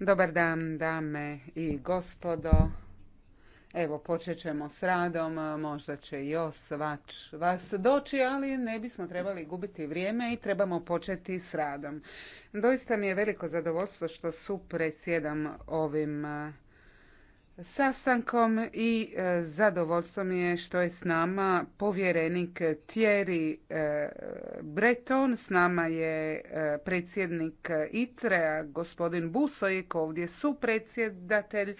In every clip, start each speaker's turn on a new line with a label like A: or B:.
A: Dobar dan, dame i gospodo. Evo, počet ćemo s radom, možda će i osvač vas doći, ali ne bismo trebali gubiti vrijeme i trebamo početi s radom. Doista mi je veliko zadovoljstvo što su predsjedam ovim sastankom i e, zadovoljstvo mi je što je s nama povjerenik Thierry e, Breton, s nama je e, predsjednik ITRE, gospodin Busojek ovdje su predsjedatelj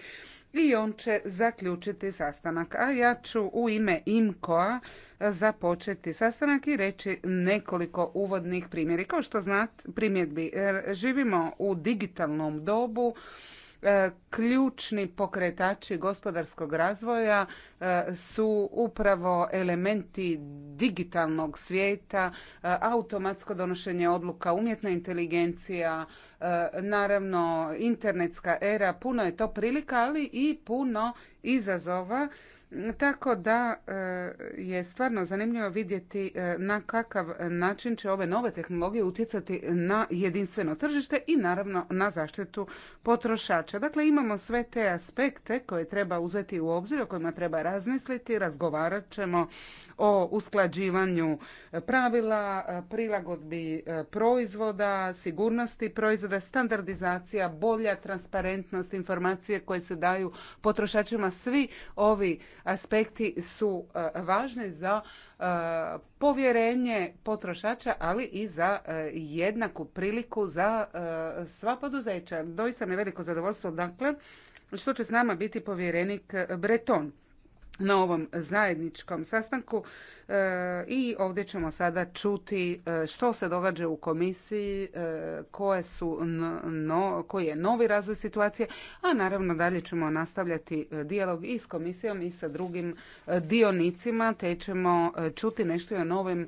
A: i on će zaključiti sastanak. A ja ću u ime IMKOA započeti sastanak i reći nekoliko uvodnih primjeri. Kao što znate, primjedbi, živimo u digitalnom dobu, E, ključni pokretači gospodarskog razvoja e, su upravo elementi digitalnog svijeta, e, automatsko donošenje odluka, umjetna inteligencija, naravno internetska era, puno je to prilika, ali i puno izazova tako da e, je stvarno zanimljivo vidjeti e, na kakav način će ove nove tehnologije utjecati na jedinstveno tržište i naravno na zaštitu potrošača. Dakle, imamo sve te aspekte koje treba uzeti u obzir, o kojima treba razmisliti, razgovarat ćemo o usklađivanju pravila, e, prilagodbi e, proizvoda, sigurnosti proizvoda, standardizacija, bolja transparentnost informacije koje se daju potrošačima. Svi ovi aspekti su e, važni za povjerenje potrošača, ali i za jednaku priliku za sva poduzeća. Doista mi je veliko zadovoljstvo dakle što će s nama biti povjerenik Breton na ovom zajedničkom sastanku i ovdje ćemo sada čuti e, što se događa u komisiji, e, koje su no, koji je novi razvoj situacije, a naravno dalje ćemo nastavljati e, dijalog i s komisijom i sa drugim dionicima, te ćemo čuti nešto i o novim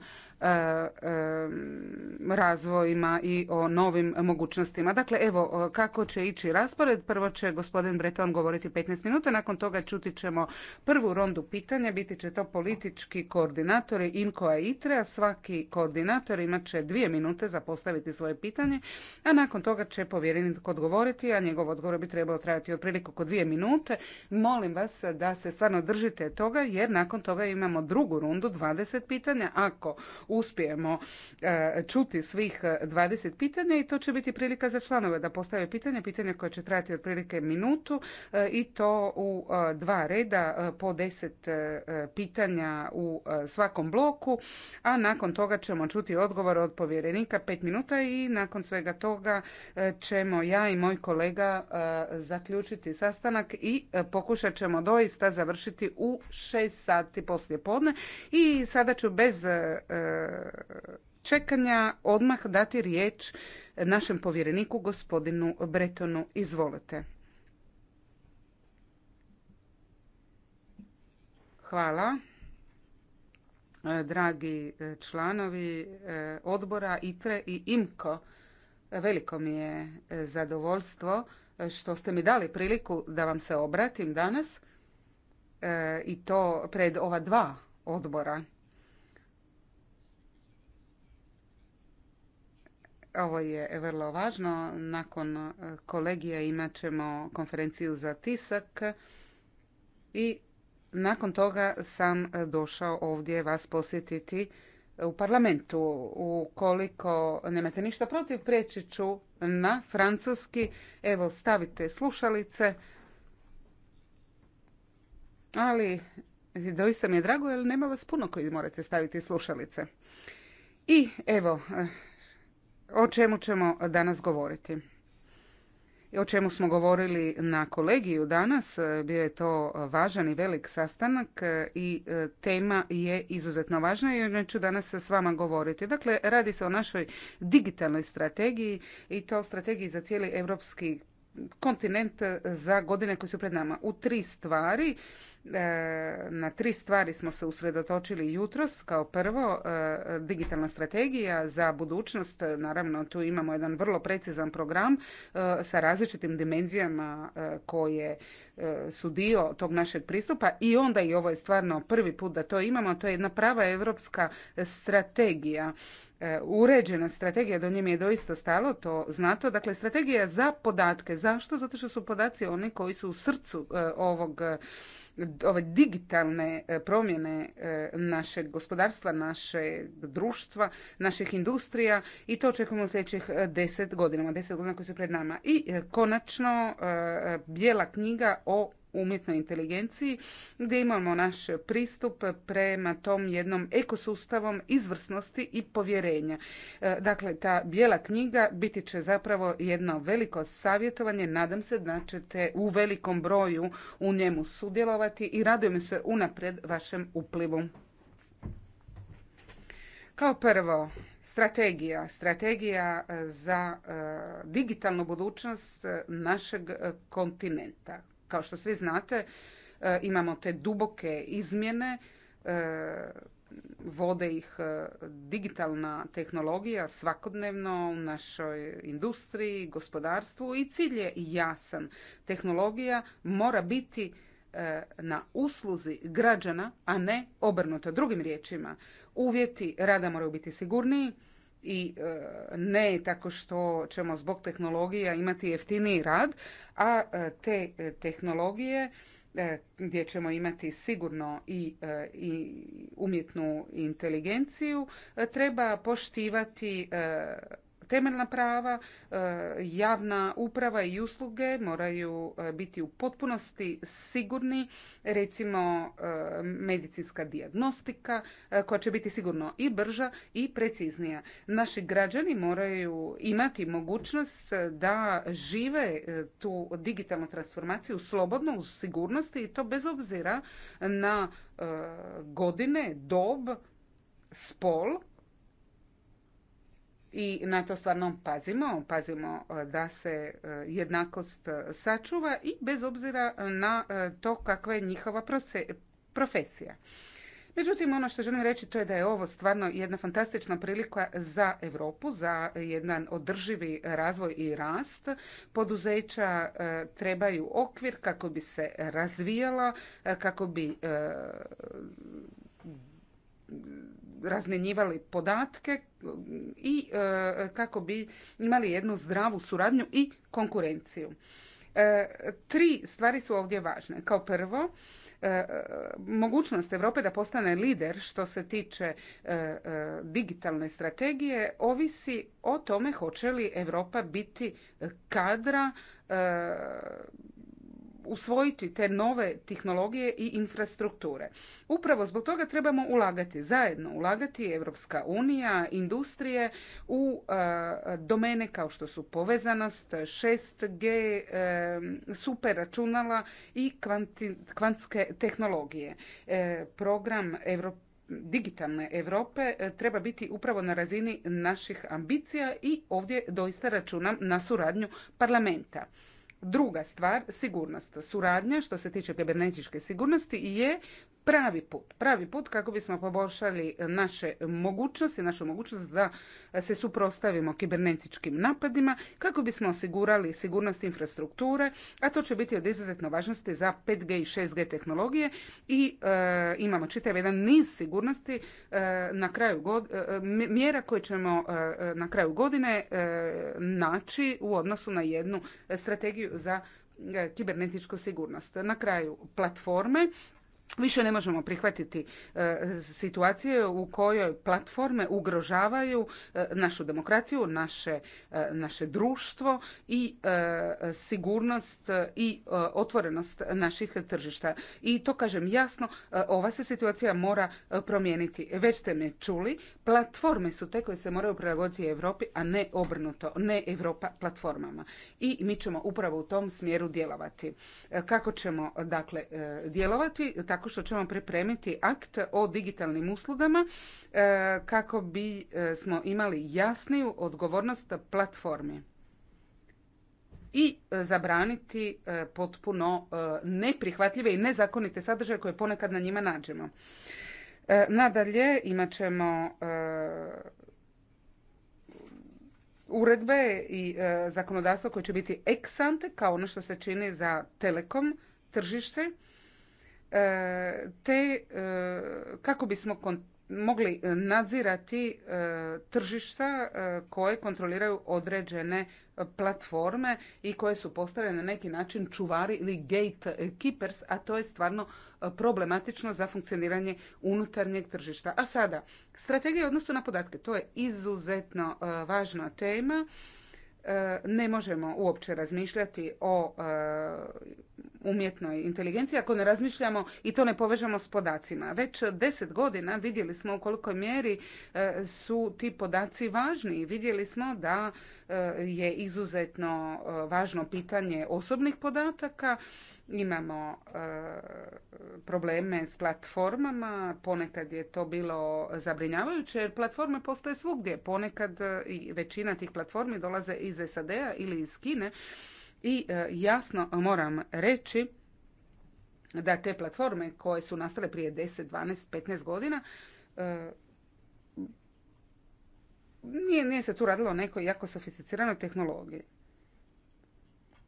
A: razvojima i o novim mogućnostima. Dakle, evo kako će ići raspored. Prvo će gospodin Breton govoriti 15 minuta, nakon toga čuti ćemo prvu rondu pitanja, biti će to politički koordinator koordinatori inko koja Svaki koordinator imat će dvije minute za postaviti svoje pitanje, a nakon toga će povjerenik odgovoriti, a njegov odgovor bi trebao trajati otprilike oko dvije minute. Molim vas da se stvarno držite toga, jer nakon toga imamo drugu rundu, 20 pitanja. Ako uspijemo e, čuti svih 20 e, pitanja i to će biti prilika za članove da postave pitanje, pitanje koje će trajati otprilike minutu e, i to u dva reda po 10 pitanja u svakom svakom bloku, a nakon toga ćemo čuti odgovor od povjerenika Pet minuta i nakon svega toga e, ćemo ja i moj kolega e, zaključiti sastanak i e, pokušat ćemo doista završiti u šest sati poslije podne i sada ću bez čekanja odmah dati riječ našem povjereniku gospodinu Bretonu. Izvolite. Hvala. E, dragi e, članovi e, odbora ITRE i IMKO. Veliko mi je zadovoljstvo što ste mi dali priliku da vam se obratim danas i to pred ova dva odbora. Ovo je vrlo važno. Nakon kolegija imat ćemo konferenciju za tisak i nakon toga sam e, došao ovdje vas posjetiti e, u parlamentu. Ukoliko nemate ništa protiv, preći ću na francuski. Evo, stavite slušalice. Ali, doista mi je drago, jer nema vas puno koji morate staviti slušalice. I evo, e, o čemu ćemo danas govoriti o čemu smo govorili na kolegiju danas. E, bio je to važan i velik sastanak e, i e, tema je izuzetno važna i o ću danas s vama govoriti. Dakle, radi se o našoj digitalnoj strategiji i to strategiji za cijeli europski kontinent za godine koje su pred nama. U tri stvari E, na tri stvari smo se usredotočili jutros. Kao prvo, e, digitalna strategija za budućnost. Naravno, tu imamo jedan vrlo precizan program e, sa različitim dimenzijama koje su dio tog našeg pristupa i onda i ovo je stvarno prvi put da to imamo. To je jedna prava europska strategija uređena strategija, do njim je doista stalo, to znato. Dakle, strategija za podatke. Zašto? Zato što su podaci oni koji su u srcu ovog ove digitalne e, promjene e, našeg gospodarstva, naše društva, naših industrija i to očekujemo u sljedećih e, deset godinama, deset godina koji su pred nama. I konačno, bijela knjiga o umjetnoj inteligenciji gdje imamo naš pristup prema tom jednom ekosustavom izvrsnosti i povjerenja. E, dakle, ta bijela knjiga biti će zapravo jedno veliko savjetovanje. Nadam se da ćete u velikom broju u njemu sudjelovati i radujem se unaprijed vašem uplivu. Kao prvo, strategija. Strategija e, za e, digitalnu budućnost našeg kontinenta. Kao što svi znate, e, imamo te duboke izmjene, e, vode ih e, digitalna tehnologija svakodnevno u našoj industriji, gospodarstvu i cilj je jasan. Tehnologija mora biti na usluzi građana, a ne obrnuto. Drugim riječima, uvjeti rada moraju biti sigurniji, i e, ne tako što ćemo zbog tehnologija imati jeftiniji rad, a e, te e, tehnologije gdje ćemo imati sigurno i, i umjetnu inteligenciju, treba poštivati temeljna prava, e, javna uprava i usluge moraju e, biti u potpunosti sigurni, recimo e, medicinska dijagnostika koja će biti sigurno i brža i preciznija. Naši građani moraju imati mogućnost da žive tu digitalnu transformaciju slobodno, u sigurnosti i to bez obzira na godine, dob, spol i na to stvarno pazimo. Pazimo e, da se e, jednakost e, sačuva i bez obzira na to kakva je njihova profesija. Međutim, ono što želim reći to je da je ovo stvarno jedna fantastična prilika za Europu, za jedan održivi razvoj i rast. Poduzeća trebaju okvir kako bi se razvijala, kako bi razmjenjivali podatke mm, i e, kako bi imali jednu zdravu suradnju i konkurenciju. E, tri stvari su ovdje važne. Kao prvo, e, mogućnost Europe da postane lider što se tiče digitalne strategije ovisi o tome hoće li Europa biti kadra usvojiti te nove tehnologije i infrastrukture. Upravo zbog toga trebamo ulagati zajedno, ulagati Evropska unija, industrije u e, domene kao što su povezanost, 6G, e, super računala i kvantske tehnologije. E, program digitalne Europe treba biti upravo na razini naših ambicija i ovdje doista računam na suradnju parlamenta. Druga stvar, sigurnost. Suradnja što se tiče kibernetičke sigurnosti je pravi put. Pravi put kako bismo poboljšali naše mogućnosti, našu mogućnost da se suprostavimo kibernetičkim napadima, kako bismo osigurali sigurnost infrastrukture, a to će biti od izuzetno važnosti za 5G i 6G tehnologije i e, imamo čitav jedan niz sigurnosti e, na kraju god, e, mjera koje ćemo na kraju godine naći u odnosu na jednu strategiju za kibernetičku sigurnost. Na kraju platforme Više ne možemo prihvatiti e, situacije u kojoj platforme ugrožavaju e, našu demokraciju, naše, e, naše društvo i sigurnost i otvorenost naših tržišta. I to kažem jasno, ova se situacija mora promijeniti. Već ste me čuli, platforme su te koje se moraju prilagoditi Europi, a ne obrnuto, ne Europa platformama. I mi ćemo upravo u tom smjeru djelovati. Kako ćemo dakle djelovati? Tako tako što ćemo pripremiti akt o digitalnim uslugama e, kako bi e, smo imali jasniju odgovornost platformi i e, zabraniti potpuno neprihvatljive i nezakonite sadržaje koje ponekad na njima nađemo. Nadalje imat ćemo uredbe i zakonodavstvo koje će biti ex kao ono što se čini za telekom tržište E, te e, kako bismo mogli nadzirati e, tržišta koje kontroliraju određene platforme i koje su postavljene na neki način čuvari ili gatekeepers, a to je stvarno problematično za funkcioniranje unutarnjeg tržišta. A sada, strategija odnosno na podatke, to je izuzetno važna tema E, ne možemo uopće razmišljati o e, umjetnoj inteligenciji ako ne razmišljamo i to ne povežemo s podacima. Već deset godina vidjeli smo u kolikoj mjeri e, su ti podaci važni i vidjeli smo da je izuzetno važno pitanje osobnih podataka Imamo e, probleme s platformama, ponekad je to bilo zabrinjavajuće jer platforme postoje svugdje. Ponekad e, i većina tih platformi dolaze iz SAD-a ili iz Kine i e, jasno moram reći da te platforme koje su nastale prije 10, 12, 15 godina nije, nije se tu radilo o nekoj jako sofisticiranoj tehnologiji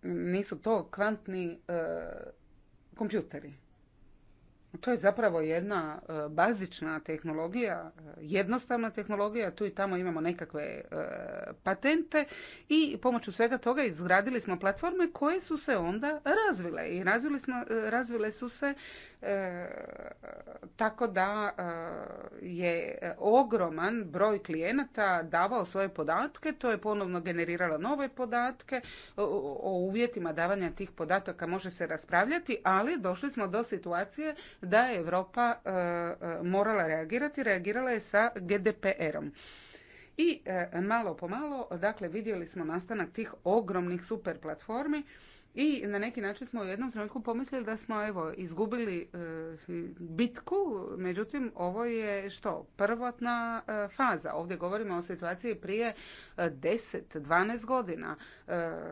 A: nisu to kvantni eh, kompjuteri. To je zapravo jedna e, bazična tehnologija, e, jednostavna tehnologija, tu i tamo imamo nekakve e, patente i pomoću svega toga izgradili smo platforme koje su se onda razvile i razvile, smo, razvile su se tako da je ogroman broj klijenata davao svoje podatke, to je ponovno generiralo nove podatke, o uvjetima davanja tih podataka može se raspravljati, ali došli smo do situacije da je Europa e, e, morala reagirati, reagirala je sa GDPR-om. I e, malo po malo, dakle, vidjeli smo nastanak tih ogromnih super platformi i na neki način smo u jednom trenutku pomislili da smo evo izgubili e, bitku, međutim ovo je što? Prvotna e, faza. Ovdje govorimo o situaciji prije 10-12 e, godina.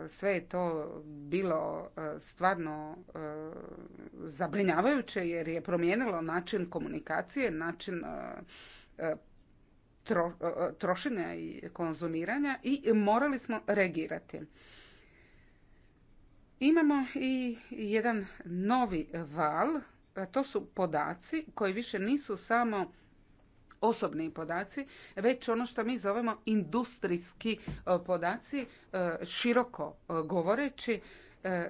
A: Sve je to bilo stvarno zabrinjavajuće jer je promijenilo način komunikacije, način trošenja i konzumiranja i morali smo reagirati. Imamo i jedan novi val, to su podaci koji više nisu samo osobni podaci, već ono što mi zovemo industrijski e, podaci, e, široko e, govoreći.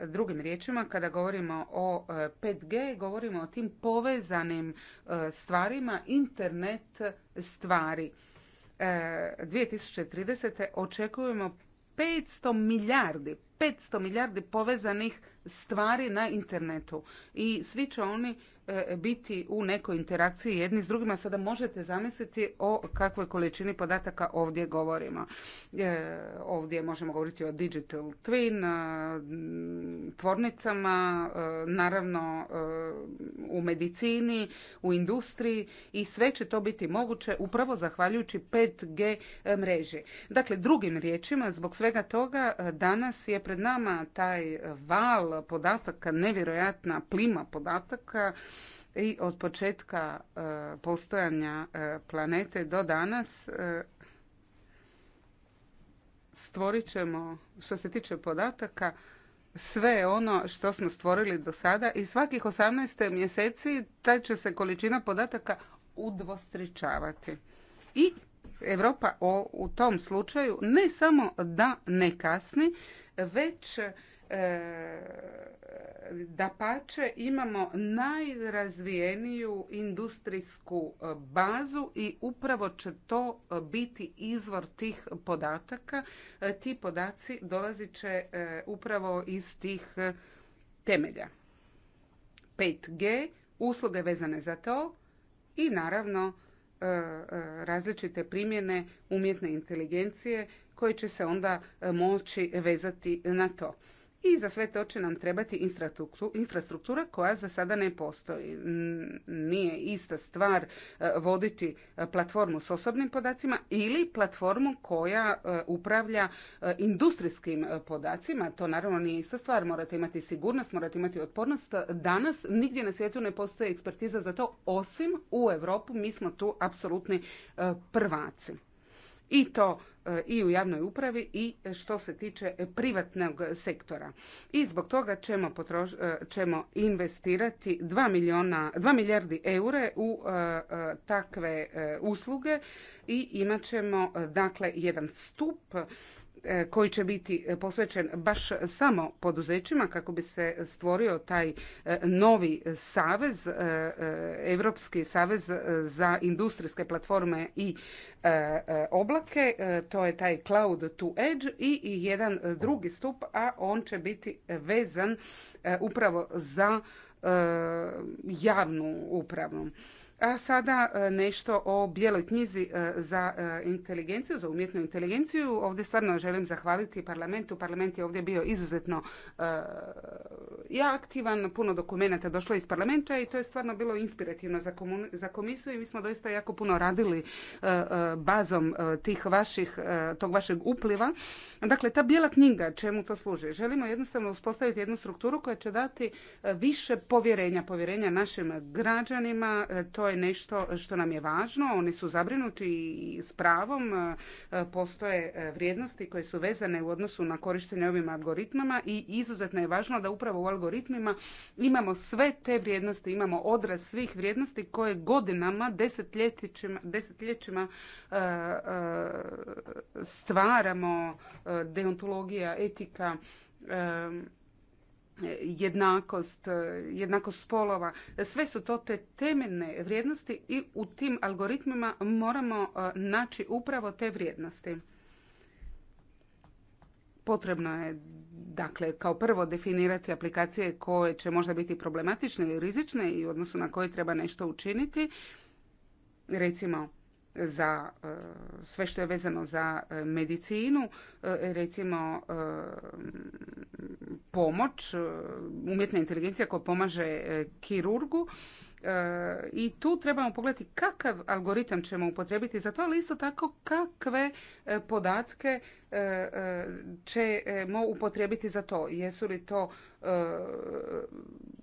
A: Drugim riječima, kada govorimo o 5G, govorimo o tim povezanim stvarima, internet stvari. 2030. očekujemo 500 milijardi 500 milijardi povezanih stvari na internetu i svi će oni e, biti u nekoj interakciji jedni s drugima. Sada možete zamisliti o kakvoj količini podataka ovdje govorimo. E, ovdje možemo govoriti o digital twin, e, tvornicama, naravno u medicini, u industriji i sve će to biti moguće upravo zahvaljujući 5G mreži. Dakle, drugim riječima, zbog svega toga danas je pred nama taj val podataka, nevjerojatna plima podataka i od početka e, postojanja e, planete do danas e, stvorit ćemo, što se tiče podataka, sve ono što smo stvorili do sada i svakih 18. mjeseci taj će se količina podataka udvostričavati. I Europa u tom slučaju ne samo da ne kasni, već e, da pače imamo najrazvijeniju industrijsku e, bazu i upravo će to e, biti izvor tih podataka. Ti podaci dolazit će upravo iz tih temelja. 5G, usluge vezane za to i naravno različite primjene umjetne inteligencije koji će se onda e, moći vezati na to. I za sve to će nam trebati infrastruktura koja za sada ne postoji. Nije ista stvar e, voditi e, platformu s osobnim podacima ili platformu koja upravlja industrijskim podacima. To naravno nije ista stvar. Morate imati sigurnost, morate imati otpornost. Danas nigdje na svijetu ne postoji ekspertiza za to, osim u Europu. Mi smo tu apsolutni prvaci. I to i u javnoj upravi i što se tiče privatnog sektora. I zbog toga ćemo, e, investirati 2, milijuna, 2 milijardi eure u e, e, takve usluge i imat ćemo dakle jedan stup E, koji će biti e, posvećen baš samo poduzećima kako bi se stvorio taj e, novi savez, Europski savez za industrijske platforme i oblake, to je taj Cloud to Edge i jedan drugi stup, a on će biti vezan upravo za javnu upravu. A sada e, nešto o bijeloj knjizi e, za e, inteligenciju, za umjetnu inteligenciju. Ovdje stvarno želim zahvaliti parlamentu. Parlament je ovdje bio izuzetno i aktivan, puno dokumenata došlo iz parlamenta i to je stvarno bilo inspirativno za komisiju i mi smo doista jako puno radili bazom tih vaših, tog vašeg upliva. Dakle, ta bijela knjiga čemu to služi? Želimo jednostavno uspostaviti jednu strukturu koja će dati više povjerenja, povjerenja našim građanima. To je nešto što nam je važno. Oni su zabrinuti i s pravom. E, postoje e, vrijednosti koje su vezane u odnosu na korištenje ovim algoritmama i izuzetno je važno da upravo u algoritmima imamo sve te vrijednosti, imamo odraz svih vrijednosti koje godinama, desetljećima, e, stvaramo deontologija, etika, jednakost, e, jednakost spolova. Sve su to te temeljne vrijednosti i u tim algoritmima moramo e, naći upravo te vrijednosti. Potrebno je dakle kao prvo definirati aplikacije koje će možda biti problematične ili rizične i u odnosu na koje treba nešto učiniti. Recimo za e, sve što je vezano za e, medicinu, e, recimo pomoć, umjetna inteligencija koja pomaže kirurgu E, i tu trebamo pogledati kakav algoritam ćemo upotrijebiti za to, ali isto tako kakve e, podatke e, ćemo upotrijebiti za to. Jesu li to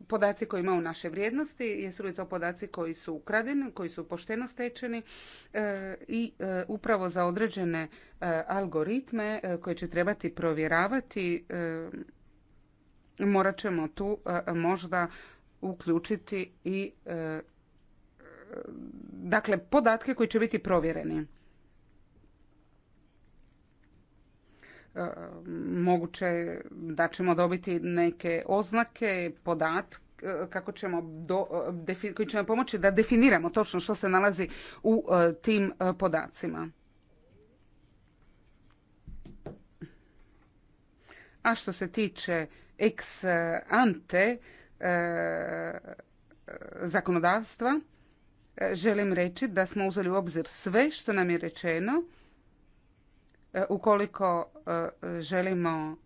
A: podaci koji imaju naše vrijednosti, jesu li to podaci koji su ukradeni, koji su pošteno stečeni i upravo za određene algoritme koje će trebati provjeravati morat ćemo tu možda uključiti i e, dakle podatke koji će biti provjereni. E, moguće da ćemo dobiti neke oznake, podatke e, kako ćemo do, koji će nam pomoći da definiramo točno što se nalazi u tim podacima. A što se tiče ex ante E, zakonodavstva e, želim reći da smo uzeli u obzir sve što nam je rečeno e, ukoliko želimo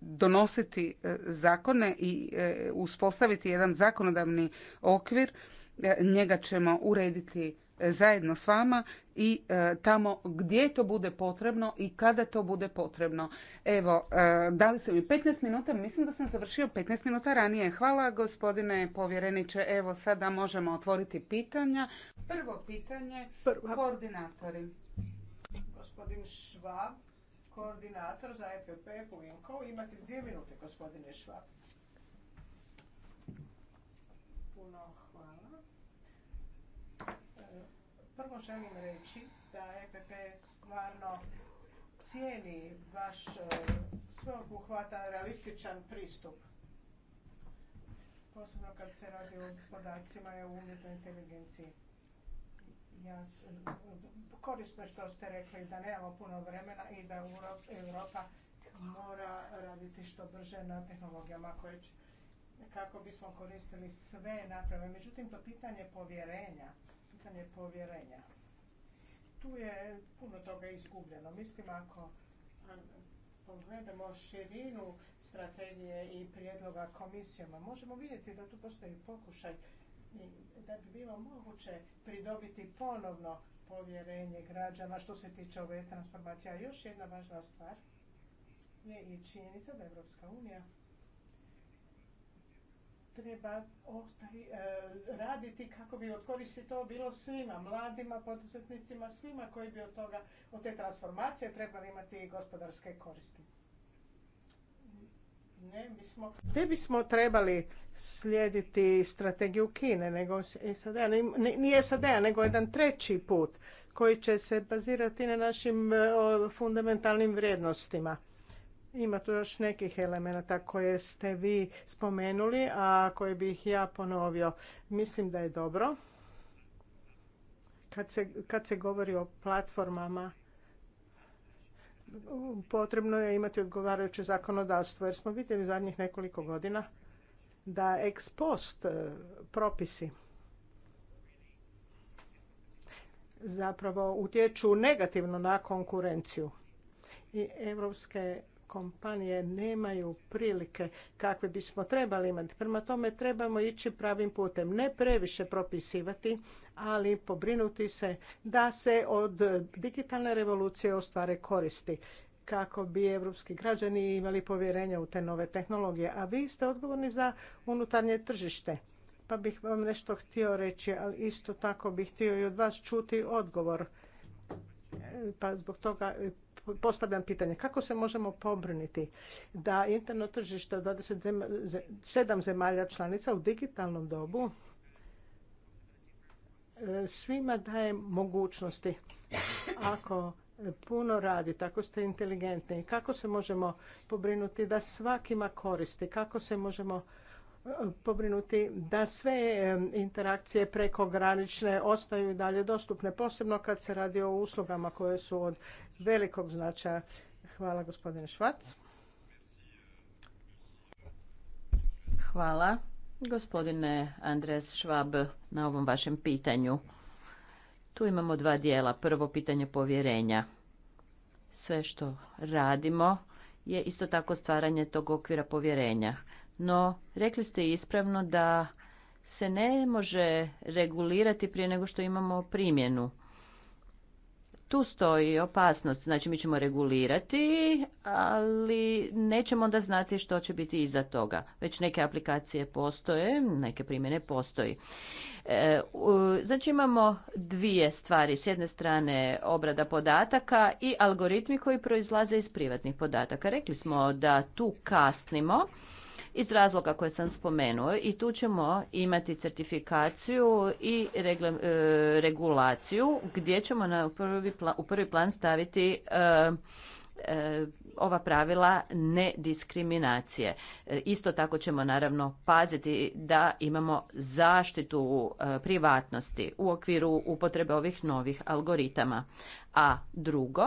A: donositi zakone i uspostaviti jedan zakonodavni okvir njega ćemo urediti zajedno s vama i e, tamo gdje to bude potrebno i kada to bude potrebno. Evo, e, dali ste mi 15 minuta, mislim da sam završio 15 minuta ranije. Hvala gospodine povjereniče. Evo, sada možemo otvoriti pitanja. Prvo pitanje, Prva. koordinatori.
B: Gospodin Švab, koordinator za EPP Pujinkov, Imate dvije minute, gospodine Švab. Puno hvala. Prvo želim reći da EPP stvarno cijeni vaš e, sveobuhvatan realističan pristup. Posebno kad se radi o podacima i o umjetnoj inteligenciji. Ja, e, korisno što ste rekli da nemamo puno vremena i da Europa mora raditi što brže na tehnologijama koje kako bismo koristili sve naprave. Međutim, to pitanje povjerenja pitanje povjerenja. Tu je puno toga izgubljeno. Mislim, ako pogledamo širinu strategije i prijedloga komisijama, možemo vidjeti da tu postoji pokušaj da bi bilo moguće pridobiti ponovno povjerenje građana što se tiče ove transformacije. A još jedna važna stvar je i činjenica da Evropska unija treba e, raditi kako bi od koristi to bilo svima, mladima, poduzetnicima, svima koji bi od toga, od te transformacije trebali imati gospodarske koristi. Ne bismo, trebali slijediti strategiju Kine, nego e, SAD, nije sad nego jedan treći put koji će se bazirati na našim e, fundamentalnim vrijednostima. Ima tu još nekih elemenata koje ste vi spomenuli, a koje bih ja ponovio. Mislim da je dobro kad se, kad se govori o platformama potrebno je imati odgovarajuće zakonodavstvo jer smo vidjeli zadnjih nekoliko godina da ex post e, propisi zapravo utječu negativno na konkurenciju i europske kompanije nemaju prilike kakve bismo trebali imati. Prema tome trebamo ići pravim putem. Ne previše propisivati, ali pobrinuti se da se od digitalne revolucije ostvare koristi kako bi evropski građani imali povjerenja u te nove tehnologije. A vi ste odgovorni za unutarnje tržište. Pa bih vam nešto htio reći, ali isto tako bih htio i od vas čuti odgovor pa zbog toga e, postavljam pitanje kako se možemo pobrinuti da interno tržište 27 zemalja članica u digitalnom dobu e, svima daje mogućnosti ako puno radite, ako ste inteligentni, kako se možemo pobrinuti da svakima koristi, kako se možemo pobrinuti da sve interakcije prekogranične ostaju i dalje dostupne, posebno kad se radi o uslugama koje su od velikog značaja. Hvala gospodine Švac.
C: Hvala gospodine Andres Švab na ovom vašem pitanju. Tu imamo dva dijela. Prvo pitanje povjerenja. Sve što radimo je isto tako stvaranje tog okvira povjerenja. No, rekli ste ispravno da se ne može regulirati prije nego što imamo primjenu. Tu stoji opasnost, znači mi ćemo regulirati, ali nećemo onda znati što će biti iza toga. Već neke aplikacije postoje, neke primjene postoji. E, znači imamo dvije stvari, s jedne strane obrada podataka i algoritmi koji proizlaze iz privatnih podataka. Rekli smo da tu kasnimo iz razloga koje sam spomenuo i tu ćemo imati certifikaciju i e, regulaciju gdje ćemo prvi u prvi plan staviti e, e, ova pravila nediskriminacije. Isto tako ćemo naravno paziti da imamo zaštitu privatnosti u okviru upotrebe ovih novih algoritama. A drugo,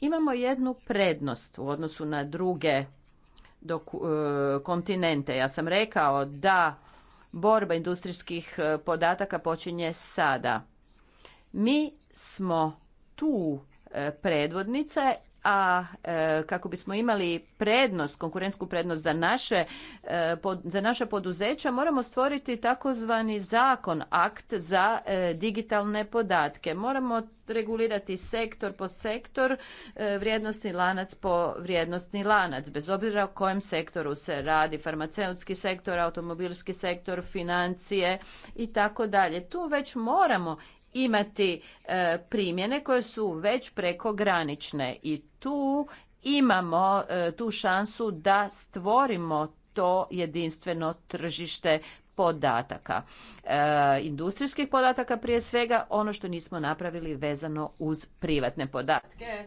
C: imamo jednu prednost u odnosu na druge do e, kontinente. Ja sam rekao da borba industrijskih e, podataka počinje sada. Mi smo tu e, predvodnice a e, kako bismo imali prednost, konkurentsku prednost za naše, e, pod, za naša poduzeća, moramo stvoriti takozvani zakon, akt za e, digitalne podatke. Moramo regulirati sektor po sektor, vrijednostni lanac po vrijednostni lanac, bez obzira o kojem sektoru se radi, farmaceutski sektor, automobilski sektor, financije i tako dalje. Tu već moramo imati e, primjene koje su već prekogranične i tu imamo e, tu šansu da stvorimo to jedinstveno tržište podataka. E, industrijskih podataka prije svega, ono što nismo napravili vezano uz privatne podatke.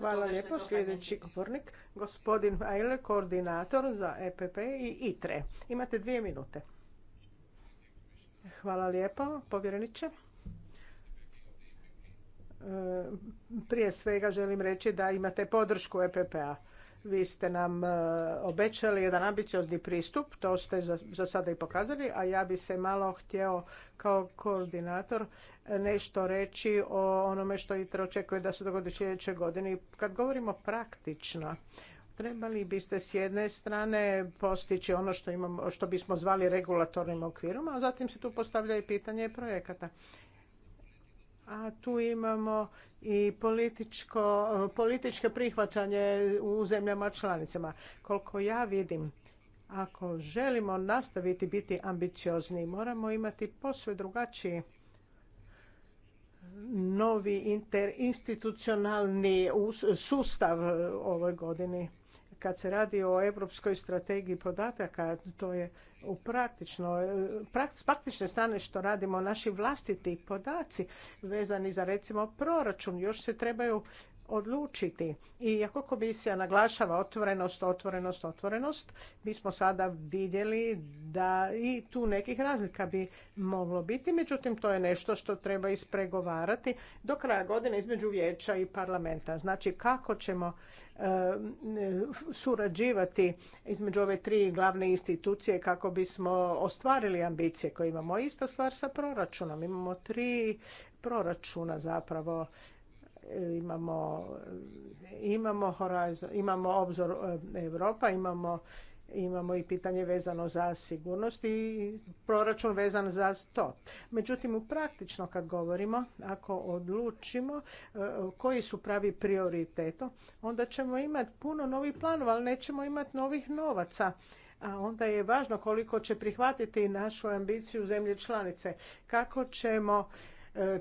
B: Hvala lijepo. Sljedeći govornik, gospodin koordinator za EPP i ITRE. Imate dvije minute. Hvala lijepo, povjereniče. E, prije svega želim reći da imate podršku EPP-a. Vi ste nam e, obećali jedan ambiciozni pristup, to ste za, sada i pokazali, a ja bi se malo htio kao koordinator e, nešto reći o onome što ITRA očekuje da se dogodi u sljedećoj godini. Kad govorimo praktično, trebali biste s jedne strane postići ono što, imamo, što bismo zvali regulatornim okvirom, a zatim se tu postavlja i pitanje projekata a tu imamo i političko, političke prihvaćanje u zemljama članicama. Koliko ja vidim, ako želimo nastaviti biti ambiciozni, moramo imati posve drugačiji novi interinstitucionalni sustav ovoj godini kad se radi o europskoj strategiji podataka, to je u praktično, s praktične strane što radimo naši vlastiti podaci vezani za recimo proračun, još se trebaju odlučiti. I iako komisija naglašava otvorenost, otvorenost, otvorenost, mi smo sada vidjeli da i tu nekih razlika bi moglo biti. Međutim, to je nešto što treba ispregovarati do kraja godine između vijeća i parlamenta. Znači, kako ćemo eh, surađivati između ove tri glavne institucije kako bismo ostvarili ambicije koje imamo. Ista stvar sa proračunom. Imamo tri proračuna zapravo imamo imamo horizon, imamo obzor e, Europa, imamo imamo i pitanje vezano za sigurnost i proračun vezan za to. Međutim, praktično kad govorimo, ako odlučimo e, koji su pravi prioriteto, onda ćemo imati puno novih planova, ali nećemo imati novih novaca. A onda je važno koliko će prihvatiti našu ambiciju zemlje članice. Kako ćemo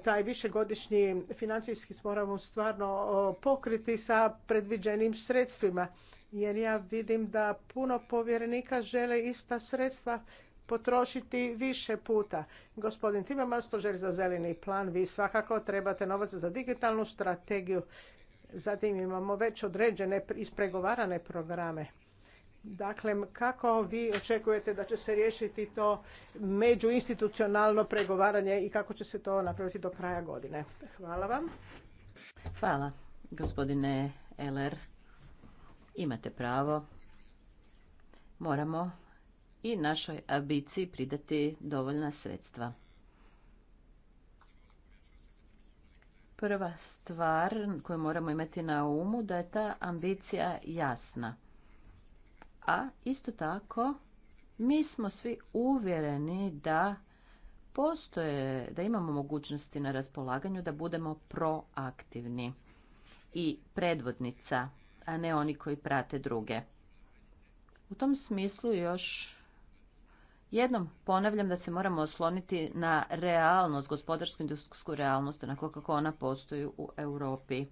B: taj višegodišnji financijski moramo stvarno pokriti sa predviđenim sredstvima. Jer ja vidim da puno povjerenika žele ista sredstva potrošiti više puta. Gospodin tima to želi za zeleni plan. Vi svakako trebate novac za digitalnu strategiju. Zatim imamo već određene ispregovarane programe Dakle, kako vi očekujete da će se riješiti to međuinstitucionalno pregovaranje i kako će se to napraviti do kraja godine? Hvala vam.
C: Hvala, gospodine Eler. Imate pravo. Moramo i našoj ambiciji pridati dovoljna sredstva. Prva stvar koju moramo imati na umu da je ta ambicija jasna. A isto tako, mi smo svi uvjereni da postoje, da imamo mogućnosti na raspolaganju da budemo proaktivni i predvodnica, a ne oni koji prate druge. U tom smislu još jednom ponavljam da se moramo osloniti na realnost, gospodarsku i industrijsku realnost, onako kako ona postoji u Europi.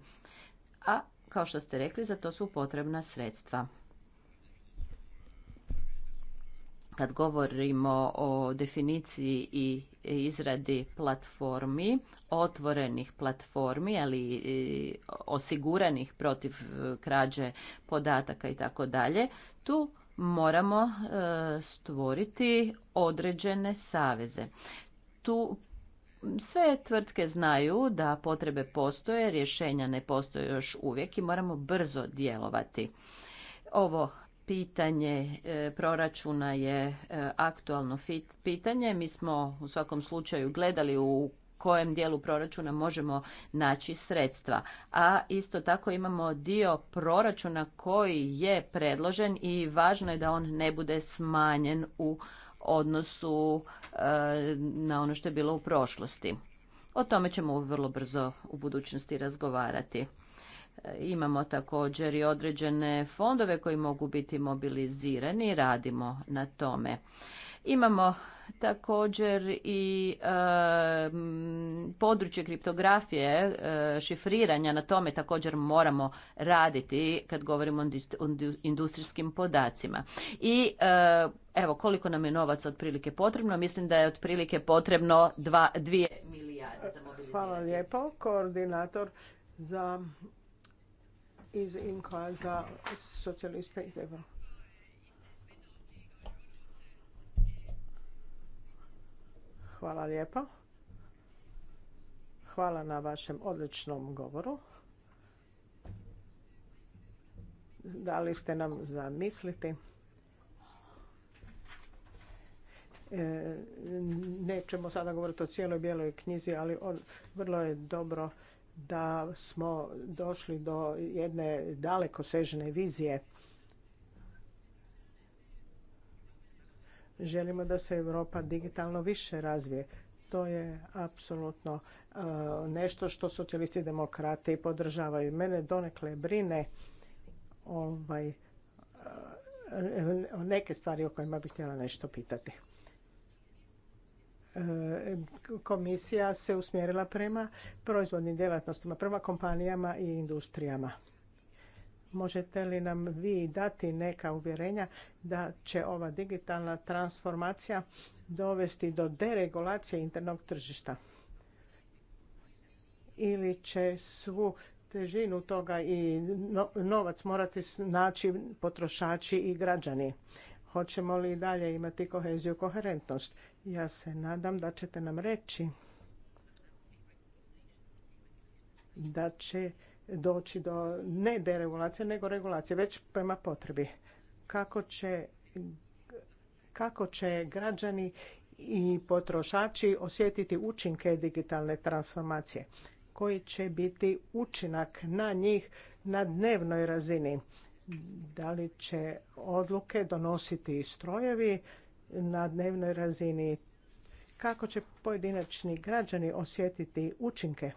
C: A kao što ste rekli, za to su potrebna sredstva. kad govorimo o definiciji i izradi platformi, otvorenih platformi, ali osiguranih protiv e, krađe podataka i tako dalje, tu moramo e, stvoriti određene saveze. Tu sve tvrtke znaju da potrebe postoje, rješenja ne postoje još uvijek i moramo brzo djelovati. Ovo pitanje e, proračuna je e, aktualno pitanje. Mi smo u svakom slučaju gledali u kojem dijelu proračuna možemo naći sredstva. A isto tako imamo dio proračuna koji je predložen i važno je da on ne bude smanjen u odnosu e, na ono što je bilo u prošlosti. O tome ćemo vrlo brzo u budućnosti razgovarati. Imamo također i određene fondove koji mogu biti mobilizirani, radimo na tome. Imamo također i područje kriptografije, e, šifriranja, na tome također moramo raditi kad govorimo o industrijskim podacima. I e, evo koliko nam je novaca otprilike potrebno, mislim da je otprilike potrebno 2 milijarde za mobilizaciju. Hvala
B: lijepo, koordinator za iz INKO-a za socijaliste i Hvala lijepa. Hvala na vašem odličnom govoru. Dali ste nam zamisliti. E, nećemo sada govoriti o cijeloj bijeloj knjizi, ali vrlo je dobro da smo došli do jedne daleko vizije. Želimo da se Europa digitalno više razvije. To je apsolutno e, nešto što socijalisti i demokrati podržavaju. Mene donekle brine ovaj, e, neke stvari o kojima bih htjela nešto pitati. E, komisija se usmjerila prema proizvodnim djelatnostima, prema kompanijama i industrijama. Možete li nam vi dati neka uvjerenja da će ova digitalna transformacija dovesti do deregulacije internog tržišta? Ili će svu težinu toga i novac morati naći potrošači i građani? Hoćemo li i dalje imati koheziju i koherentnost? Ja se nadam da ćete nam reći da će doći do ne deregulacije, nego regulacije, već prema potrebi. Kako će, kako će građani i potrošači osjetiti učinke digitalne transformacije? Koji će biti učinak na njih na dnevnoj razini? da li će odluke donositi strojevi na dnevnoj razini, kako će pojedinačni građani osjetiti učinke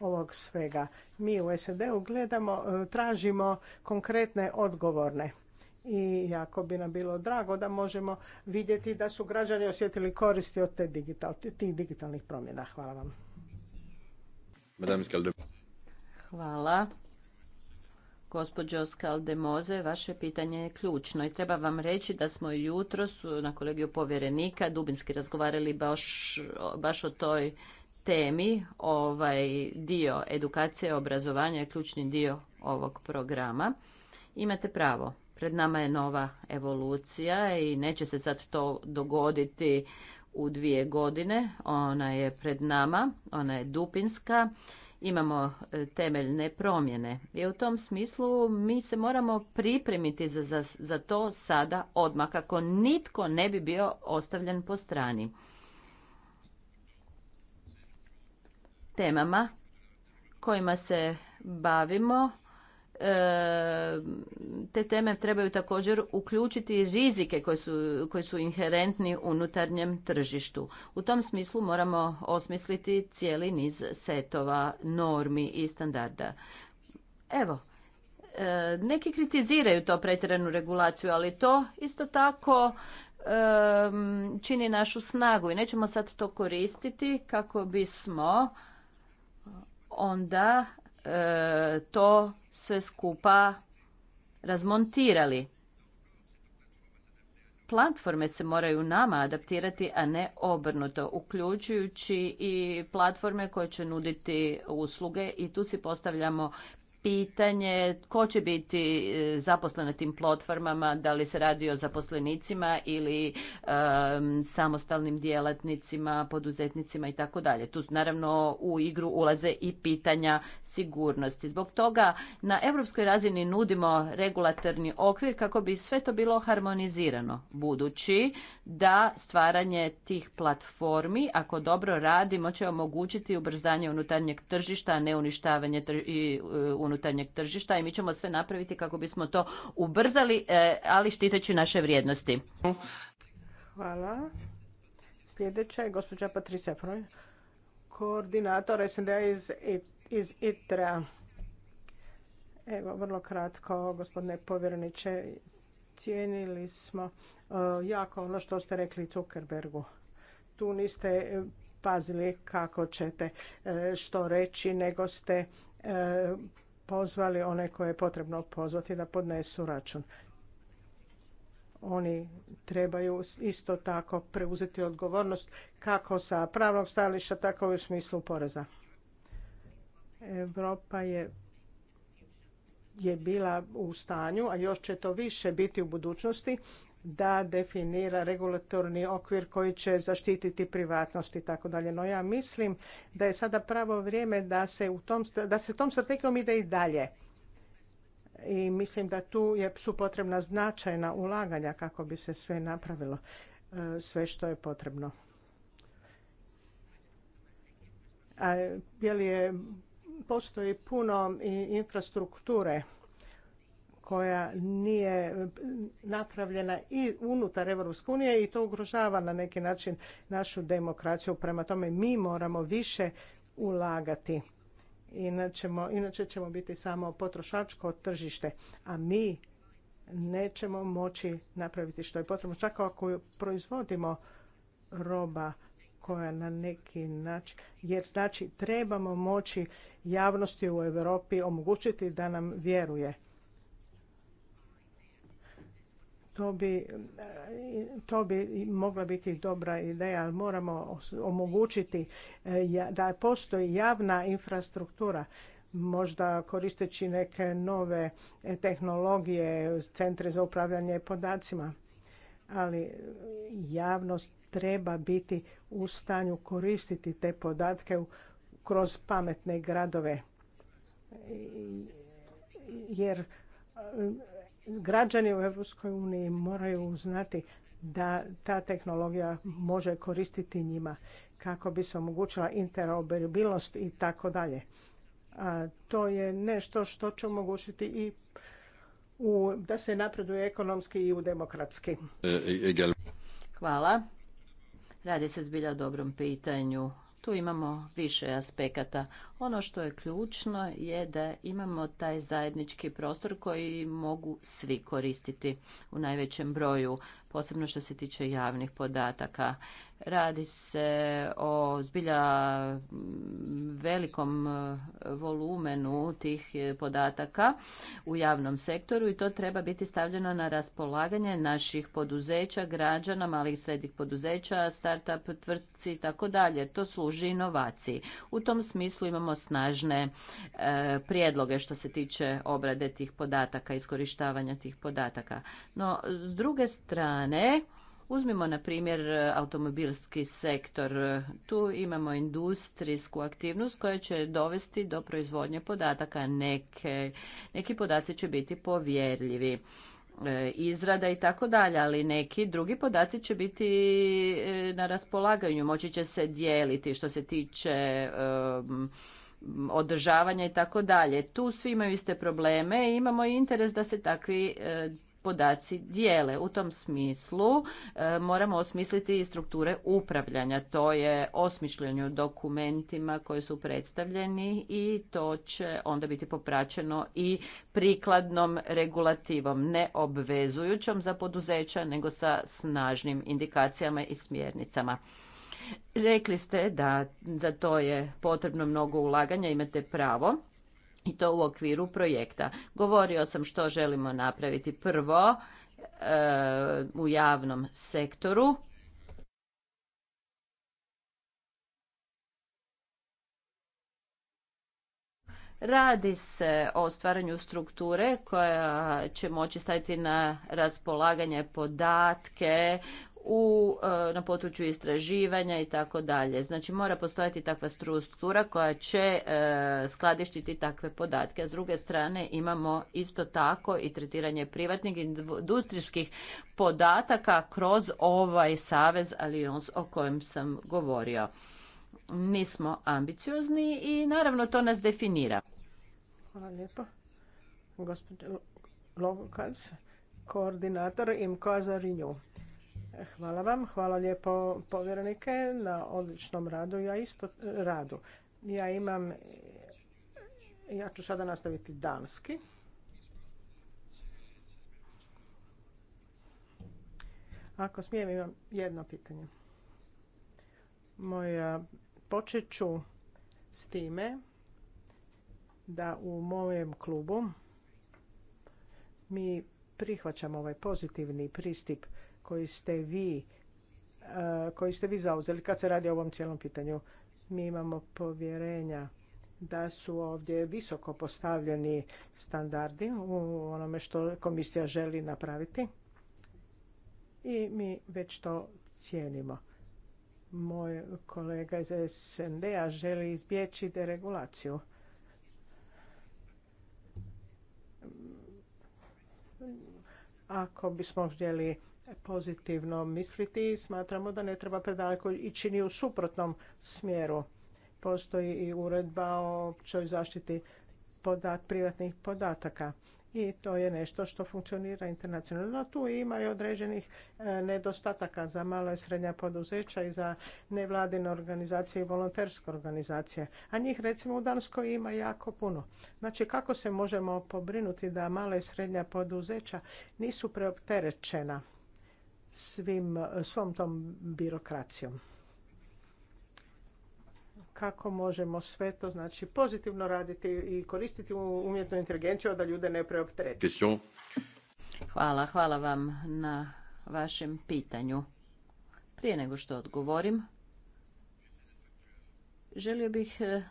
B: ovog svega. Mi u SED-u gledamo, e, tražimo konkretne odgovorne i jako bi nam bilo drago da možemo vidjeti da su građani osjetili koristi od tih
C: digitalnih promjena. Hvala vam. Hvala. Gospođo Skaldemoze, vaše pitanje je ključno i treba vam reći da smo jutros na kolegiju povjerenika dubinski razgovarali baš, baš o toj temi. Ovaj dio edukacije i obrazovanja je ključni dio ovog programa. Imate pravo, pred nama je nova evolucija i neće se sad to dogoditi u dvije godine. Ona je pred nama, ona je dupinska imamo e, temeljne promjene. I u tom smislu mi se moramo pripremiti za, za, to sada odmah, kako nitko ne bi bio ostavljen po strani. Temama kojima se bavimo E, te teme trebaju također uključiti rizike koji su, koji su inherentni unutarnjem tržištu. U tom smislu moramo osmisliti cijeli niz setova, normi i standarda. Evo, e, neki kritiziraju to pretjeranu regulaciju, ali to isto tako e, čini našu snagu i nećemo sad to koristiti kako bismo onda E, to sve skupa razmontirali. Platforme se moraju nama adaptirati, a ne obrnuto, uključujući i platforme koje će nuditi usluge i tu si postavljamo pitanje ko će biti e, zaposlen na tim platformama, da li se radi o zaposlenicima ili samostalnim djelatnicima, poduzetnicima i tako dalje. Tu naravno u igru ulaze i pitanja sigurnosti. Zbog toga na europskoj razini nudimo regulatorni okvir kako bi sve to bilo harmonizirano, budući da stvaranje tih platformi, ako dobro radimo, će omogućiti ubrzanje unutarnjeg tržišta, a ne uništavanje i e, unutarnjeg tržišta i mi ćemo sve napraviti kako bismo to ubrzali, e, ali štiteći naše vrijednosti.
B: Hvala. Sljedeća je gospođa Patricia Proj. koordinator snd iz, iz ITRA. Evo, vrlo kratko, gospodine povjereniče, cijenili smo e, jako ono što ste rekli Zuckerbergu. Tu niste e, pazili kako ćete što reći, nego ste pozvali one koje je potrebno pozvati da podnesu račun. Oni trebaju isto tako preuzeti odgovornost kako sa pravnog stajališta, tako i u smislu poreza. Europa je je bila u stanju, a još će to više biti u budućnosti, da definira regulatorni okvir koji će zaštititi privatnost i tako dalje. No ja mislim da je sada pravo vrijeme da se, u tom, da se tom strategijom ide i dalje. I mislim da tu je, su potrebna značajna ulaganja kako bi se sve napravilo, e, sve što je potrebno. A je, postoji puno i infrastrukture koja nije napravljena i unutar Europske unije i to ugrožava na neki način našu demokraciju. Prema tome mi moramo više ulagati. Inače, inače ćemo biti samo potrošačko tržište, a mi nećemo moći napraviti što je potrebno. Čak ako proizvodimo roba koja na neki način, jer znači trebamo moći javnosti u Europi omogućiti da nam vjeruje. To bi, e, to bi mogla biti dobra ideja, ali moramo omogućiti e, da postoji javna infrastruktura možda koristeći neke nove e, tehnologije, centre za upravljanje podacima. Ali javnost treba biti u stanju koristiti te podatke kroz pametne gradove. Jer građani u Europskoj uniji moraju znati da ta tehnologija može koristiti njima kako bi se omogućila interoperabilnost i tako dalje. to je nešto što će omogućiti i u, da se napreduje ekonomski i u demokratski.
A: E, e,
C: Hvala. Radi se zbilja o dobrom pitanju. Tu imamo više aspekata. Ono što je ključno je da imamo taj zajednički prostor koji mogu svi koristiti u najvećem broju, posebno što se tiče javnih podataka. Radi se o zbilja mm, velikom eh, volumenu tih eh, podataka u javnom sektoru i to treba biti stavljeno na raspolaganje naših poduzeća, građana, malih i srednjih poduzeća, startup tvrtci i tako dalje. To služi inovaciji. U tom smislu imamo snažne e, prijedloge što se tiče obrade tih podataka, iskorištavanja tih podataka. No, s druge strane, Uzmimo na primjer automobilski sektor. Tu imamo industrijsku aktivnost koja će dovesti do proizvodnje podataka. Neke, neki podaci će biti povjerljivi. E, izrada i tako dalje, ali neki drugi podaci će biti e, na raspolaganju, moći će se dijeliti što se tiče održavanja i tako dalje. Tu svi imaju iste probleme i imamo interes da se takvi e, podaci dijele. U tom smislu e, moramo osmisliti i strukture upravljanja. To je osmišljenju dokumentima koji su predstavljeni i to će onda biti popraćeno i prikladnom regulativom, ne obvezujućom za poduzeća, nego sa snažnim indikacijama i smjernicama. Rekli ste da za to je potrebno mnogo ulaganja, imate pravo i to u okviru projekta. Govorio sam što želimo napraviti prvo e, u javnom sektoru. Radi se o stvaranju strukture koja će moći staviti na raspolaganje podatke u, e, na području istraživanja i tako dalje. Znači mora postojati takva struktura koja će e, skladištiti takve podatke. A s druge strane imamo isto tako i tretiranje privatnih industrijskih podataka kroz ovaj savez Alijons o kojem sam govorio. Mi smo ambiciozni i naravno to nas definira.
B: Hvala lijepo. Gospodin koordinator im Hvala vam, hvala lijepo povjerenike na odličnom radu. Ja isto radu. Ja imam, ja ću sada nastaviti danski. Ako smijem imam jedno pitanje. Moja, počet ću s time da u mojem klubu mi prihvaćamo ovaj pozitivni pristup koji ste vi eh, koji ste vi zauzeli kad se radi o ovom cijelom pitanju. Mi imamo povjerenja da su ovdje visoko postavljeni standardi u onome što komisija želi napraviti i mi već to cijenimo. Moj kolega iz SND-a želi izbjeći deregulaciju. Ako bismo želi pozitivno misliti i smatramo da ne treba predaleko ići ni u suprotnom smjeru. Postoji i uredba o općoj zaštiti privatnih podataka i to je nešto što funkcionira internacionalno. Tu ima i određenih e, nedostataka za malo i srednja poduzeća i za nevladine organizacije i volonterske organizacije. A njih recimo u Danskoj ima jako puno. Znači kako se možemo pobrinuti da mala i srednja poduzeća nisu preopterećena? svim, svom tom birokracijom. Kako možemo sve to znači pozitivno raditi i koristiti umjetnu inteligenciju da ljude ne preoptereti.
C: Hvala, hvala vam na vašem pitanju. Prije nego što odgovorim, želio bih eh,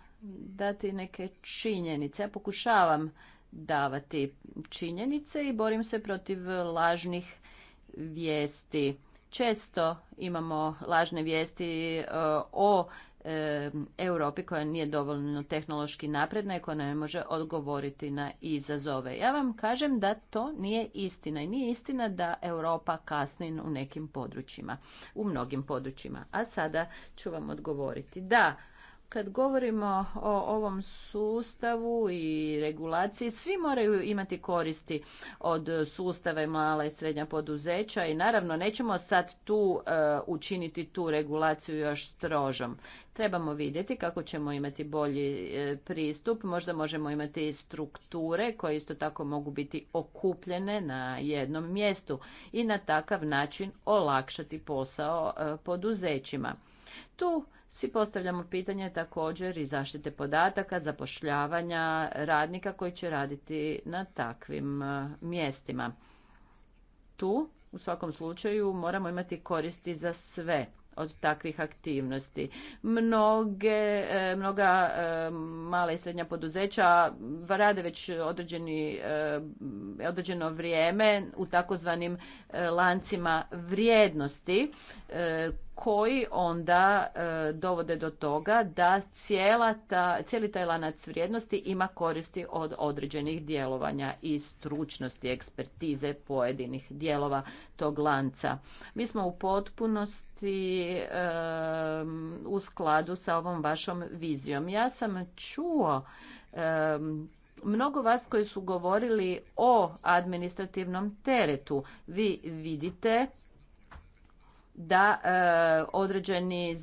C: dati neke činjenice. Ja pokušavam davati činjenice i borim se protiv lažnih vijesti. Često imamo lažne vijesti e, o e, Europi koja nije dovoljno tehnološki napredna i koja ne može odgovoriti na izazove. Ja vam kažem da to nije istina i nije istina da Europa kasni u nekim područjima, u mnogim područjima. A sada ću vam odgovoriti da kad govorimo o ovom sustavu i regulaciji, svi moraju imati koristi od sustave mala i srednja poduzeća i naravno nećemo sad tu e, učiniti tu regulaciju još strožom. Trebamo vidjeti kako ćemo imati bolji e, pristup, možda možemo imati strukture koje isto tako mogu biti okupljene na jednom mjestu i na takav način olakšati posao e, poduzećima. Tu svi postavljamo pitanje također i zaštite podataka, zapošljavanja radnika koji će raditi na takvim e, mjestima. Tu u svakom slučaju moramo imati koristi za sve od takvih aktivnosti. Mnoge, e, mnoga e, mala i srednja poduzeća rade već određeni, određeno vrijeme u takozvanim lancima vrijednosti koji onda e, dovode do toga da cijela ta, cijeli taj lanac vrijednosti ima koristi od određenih djelovanja i stručnosti, ekspertize pojedinih dijelova tog lanca. Mi smo u potpunosti u skladu sa ovom vašom vizijom. Ja sam čuo mnogo vas koji su govorili o administrativnom teretu. Vi vidite da e, određeni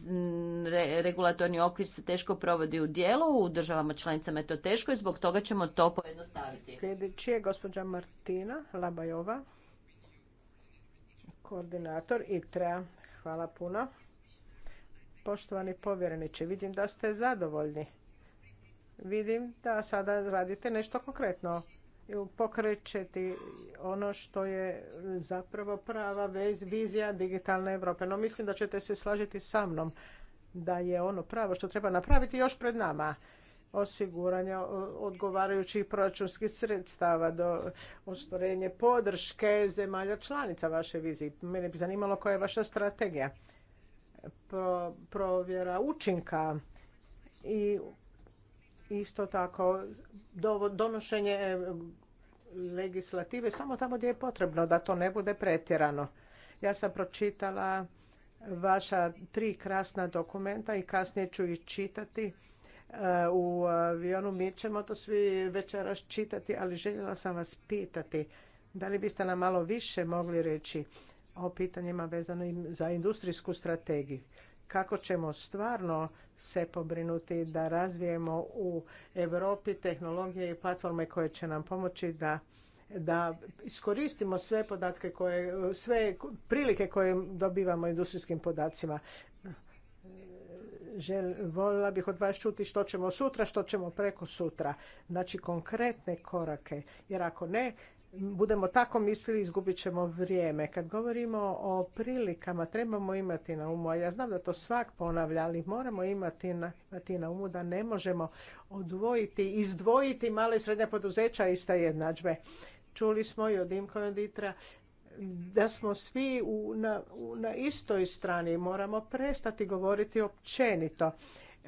C: regulatorni okvir se teško provodi u dijelu, u državama članicama je to teško i zbog toga ćemo to pojednostaviti.
B: Sljedeći je gospođa Martina Labajova, koordinator ITREA. Hvala puno. Poštovani povjereniče, vidim da ste zadovoljni. Vidim da sada radite nešto konkretno pokrećeti ono što je zapravo prava vizija digitalne Europe. No mislim da ćete se slažiti sa mnom da je ono pravo što treba napraviti još pred nama osiguranja odgovarajućih proračunskih sredstava do ostvarenje podrške zemalja članica vaše vizije. Mene bi zanimalo koja je vaša strategija. provjera učinka i isto tako donošenje e, legislative samo tamo gdje je potrebno da to ne bude pretjerano. Ja sam pročitala vaša tri krasna dokumenta i kasnije ću ih čitati e, u avionu. Mi ćemo to svi večeras čitati, ali željela sam vas pitati da li biste nam malo više mogli reći o pitanjima vezano za industrijsku strategiju kako ćemo stvarno se pobrinuti da razvijemo u Europi tehnologije i platforme koje će nam pomoći da da iskoristimo sve podatke koje, sve prilike koje dobivamo industrijskim podacima. Žel, voljela bih od vas čuti što ćemo sutra, što ćemo preko sutra. Znači konkretne korake. Jer ako ne, budemo tako mislili, izgubit ćemo vrijeme. Kad govorimo o prilikama, trebamo imati na umu, a ja znam da to svak ponavlja, ali moramo imati na, imati na umu da ne možemo odvojiti, izdvojiti male i srednja poduzeća iz te jednadžbe. Čuli smo i od Dimko Ditra da smo svi u, na, na istoj strani. Moramo prestati govoriti općenito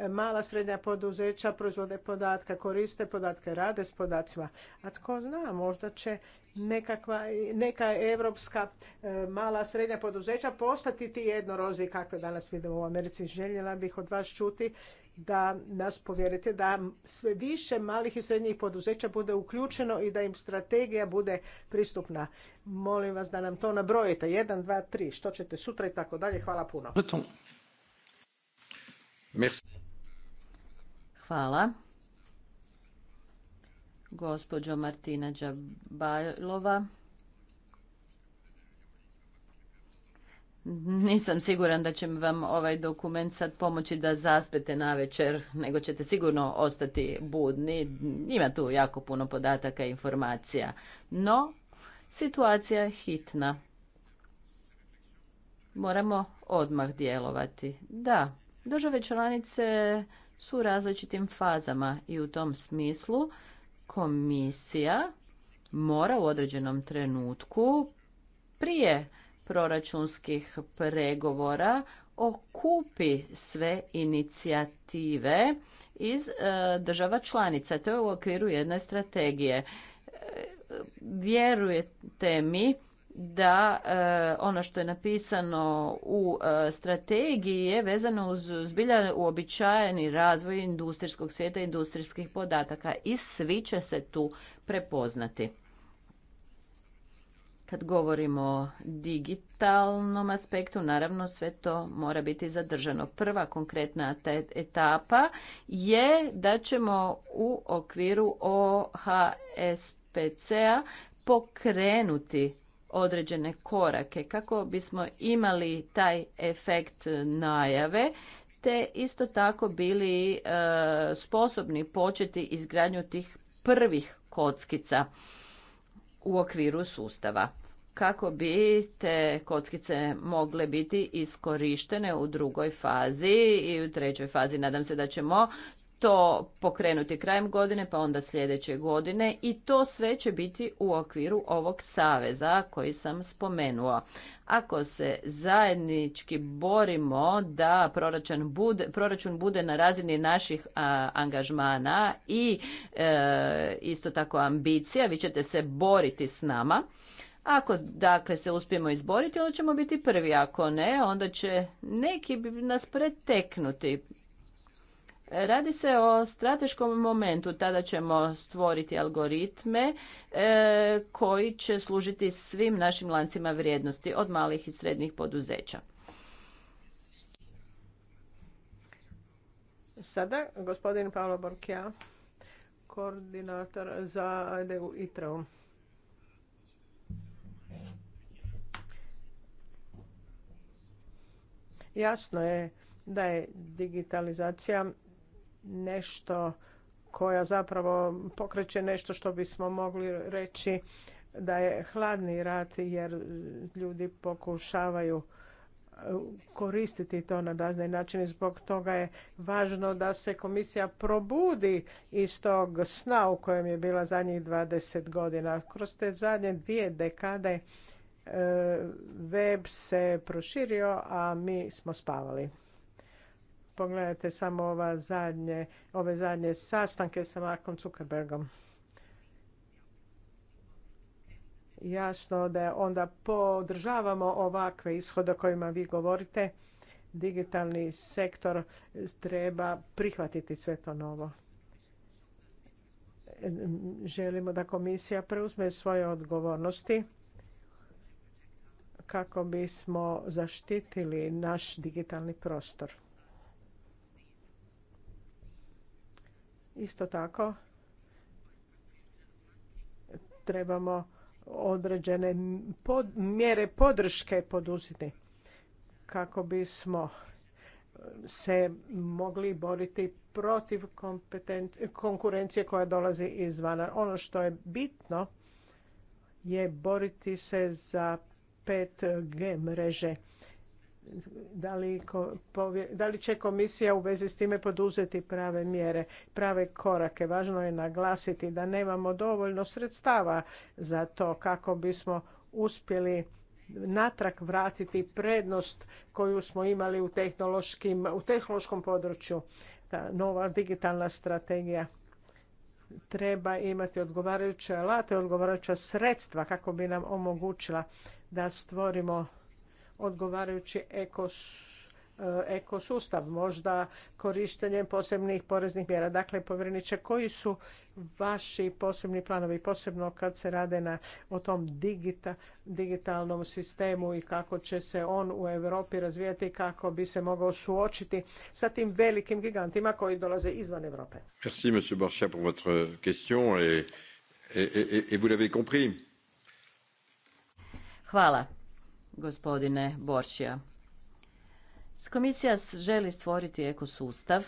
B: mala srednja poduzeća proizvode podatke, koriste podatke, rade s podacima. A tko zna, možda će neka evropska e, mala srednja poduzeća postati ti jednorozi kakve danas vidimo u Americi. Željela bih od vas čuti da nas povjerite da sve više malih i srednjih poduzeća bude uključeno i da im strategija bude pristupna. Molim vas da nam to nabrojite. 1, 2, 3, što ćete sutra i tako dalje. Hvala puno.
D: Merci.
C: Hvala. Gospođo Martina Đabajlova. Nisam siguran da će vam ovaj dokument sad pomoći da zaspete na večer, nego ćete sigurno ostati budni. Ima tu jako puno podataka i informacija. No, situacija je hitna. Moramo odmah djelovati. Da, države članice su u različitim fazama i u tom smislu komisija mora u određenom trenutku prije proračunskih pregovora okupi sve inicijative iz e, država članica. To je u okviru jedne strategije. E, vjerujete mi da e, ono što je napisano u e, strategiji je vezano uz zbilja uobičajeni razvoj industrijskog svijeta, industrijskih podataka i svi će se tu prepoznati. Kad govorimo o digitalnom aspektu, naravno sve to mora biti zadržano. Prva konkretna etapa je da ćemo u okviru OHSPC-a pokrenuti određene korake kako bismo imali taj efekt najave te isto tako bili e, sposobni početi izgradnju tih prvih kockica u okviru sustava kako bi te kockice mogle biti iskorištene u drugoj fazi i u trećoj fazi. Nadam se da ćemo to pokrenuti krajem godine, pa onda sljedeće godine i to sve će biti u okviru ovog saveza koji sam spomenuo. Ako se zajednički borimo da proračun bude, proračun bude na razini naših angažmana i e, isto tako ambicija, vi ćete se boriti s nama. Ako dakle se uspijemo izboriti, onda ćemo biti prvi. Ako ne, onda će neki nas preteknuti. Radi se o strateškom momentu, tada ćemo stvoriti algoritme e, koji će služiti svim našim lancima vrijednosti od malih i srednjih poduzeća.
B: Sada gospodin Paolo Borkija, koordinator za IDU e ITRO. Jasno je da je digitalizacija nešto koja zapravo pokreće nešto što bismo mogli reći da je hladni rat jer ljudi pokušavaju uh, koristiti to na razne načine. Zbog toga je važno da se komisija probudi iz tog sna u kojem je bila zadnjih 20 godina. Kroz te zadnje dvije dekade uh, web se proširio, a mi smo spavali pogledajte samo ova zadnje, ove zadnje sastanke sa Markom Zuckerbergom. Jasno da onda podržavamo ovakve ishode o kojima vi govorite. Digitalni sektor treba prihvatiti sve to novo. Želimo da komisija preuzme svoje odgovornosti kako bismo zaštitili naš digitalni prostor. Isto tako trebamo određene mjere podrške poduzeti kako bismo se mogli boriti protiv konkurencije koja dolazi izvana. Ono što je bitno je boriti se za 5G mreže da li, će komisija u vezi s time poduzeti prave mjere, prave korake. Važno je naglasiti da nemamo dovoljno sredstava za to kako bismo uspjeli natrag vratiti prednost koju smo imali u, tehnološkim, u tehnološkom području. Ta nova digitalna strategija treba imati odgovarajuće alate, odgovarajuća sredstva kako bi nam omogućila da stvorimo odgovarajući ekoš e, ekosustav, možda korištenjem posebnih poreznih mjera. Dakle, povjereniče, koji su vaši posebni planovi, posebno kad se rade na, o tom digita, digitalnom sistemu i kako će se on u Europi razvijati, kako bi se mogao suočiti sa tim velikim gigantima
C: koji dolaze izvan Europe.
B: Merci, pour votre question et, et, et, et vous l'avez compris.
C: Hvala gospodine Boršija. Komisija želi stvoriti ekosustav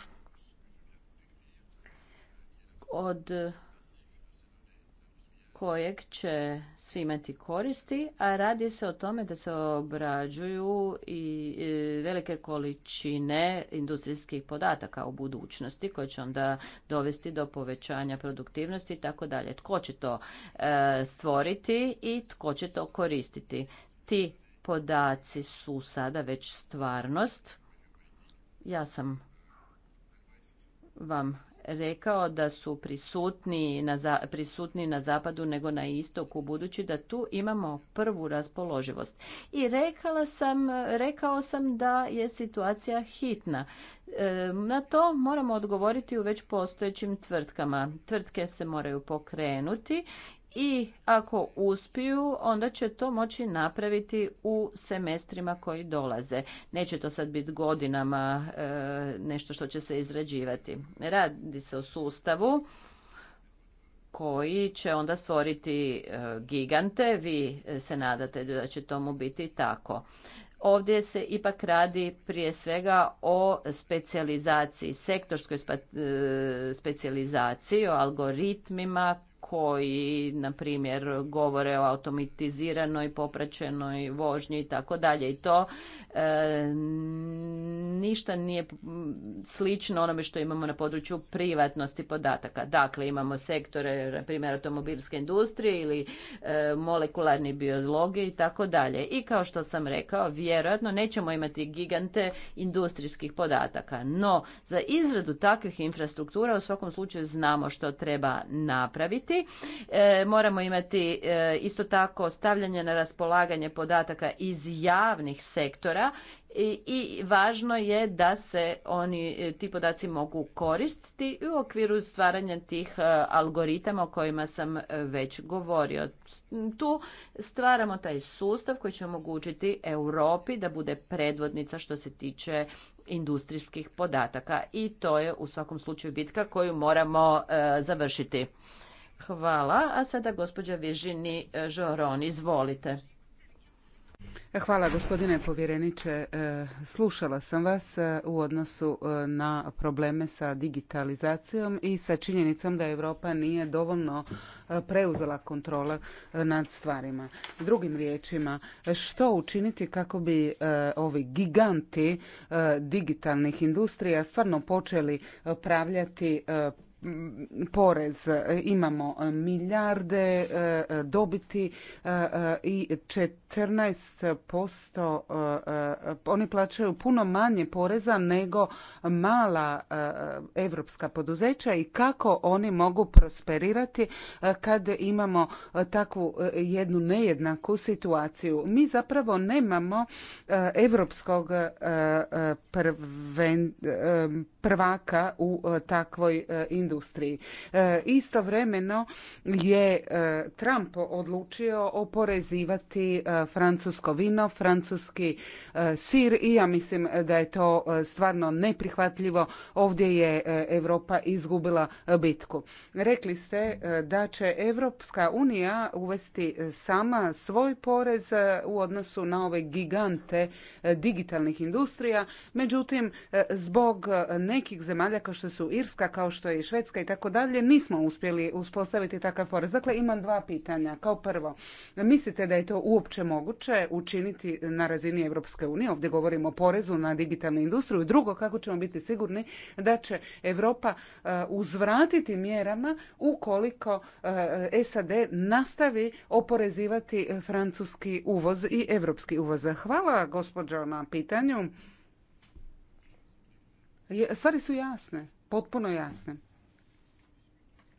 C: od kojeg će svi imati koristi, a radi se o tome da se obrađuju i e, velike količine industrijskih podataka u budućnosti koje će onda dovesti do povećanja produktivnosti i tako dalje. Tko će to e, stvoriti i tko će to koristiti? Ti podaci su sada već stvarnost. Ja sam vam rekao da su prisutni na, prisutni na zapadu nego na istoku, budući da tu imamo prvu raspoloživost. I sam, rekao sam da je situacija hitna. E, na to moramo odgovoriti u već postojećim tvrtkama. Tvrtke se moraju pokrenuti i ako uspiju, onda će to moći napraviti u semestrima koji dolaze. Neće to sad biti godinama e, nešto što će se izrađivati. Radi se o sustavu koji će onda stvoriti e, gigante. Vi se nadate da će tomu biti tako. Ovdje se ipak radi prije svega o specijalizaciji, sektorskoj e, specijalizaciji, o algoritmima koji, na primjer, govore o automatiziranoj, popraćenoj vožnji i tako dalje. I to e, ništa nije slično onome što imamo na području privatnosti podataka. Dakle, imamo sektore, na primjer, automobilske industrije ili e, molekularni biologije i tako dalje. I kao što sam rekao, vjerojatno nećemo imati gigante industrijskih podataka. No, za izradu takvih infrastruktura u svakom slučaju znamo što treba napraviti E, moramo imati e, isto tako stavljanje na raspolaganje podataka iz javnih sektora i, i važno je da se oni e, ti podaci mogu koristiti u okviru stvaranja tih algoritama o kojima sam već govorio. Tu stvaramo taj sustav koji će omogućiti Europi da bude predvodnica što se tiče industrijskih podataka i to je u svakom slučaju bitka koju moramo završiti. Hvala. A sada gospođa Vižini Žoron, eh, izvolite. Hvala gospodine
A: povjereniče. Eh, slušala sam vas eh, u odnosu na probleme sa digitalizacijom i sa činjenicom da Europa nije dovoljno preuzela kontrola nad stvarima. Drugim riječima, što učiniti kako bi ovi giganti digitalnih industrija stvarno počeli pravljati porez. E, imamo milijarde e, e, dobiti i 14%, eh, eh, oni plaćaju puno manje poreza nego mala eh, evropska poduzeća i kako oni mogu prosperirati kad imamo takvu jednu nejednaku situaciju. Mi zapravo nemamo evropskog prvaka u takvoj industriji. Istovremeno je Trump odlučio oporezivati francusko vino, francuski e, sir i ja mislim da je to e, stvarno neprihvatljivo. Ovdje je e, Europa izgubila bitku. Rekli ste da će Europska unija uvesti sama svoj porez u odnosu na ove gigante digitalnih industrija. Međutim, zbog nekih zemalja kao što su Irska, kao što je Švedska i tako dalje, nismo uspjeli uspostaviti takav porez. Dakle, imam dva pitanja. Kao prvo, mislite da je to uopće moguće učiniti na razini Europske unije. Ovdje govorimo o porezu na digitalnu industriju. Drugo, kako ćemo biti sigurni da će Europa e, uzvratiti mjerama ukoliko e, SAD nastavi oporezivati francuski uvoz i europski uvoz. Hvala gospođo na pitanju. Stvari su jasne, potpuno jasne.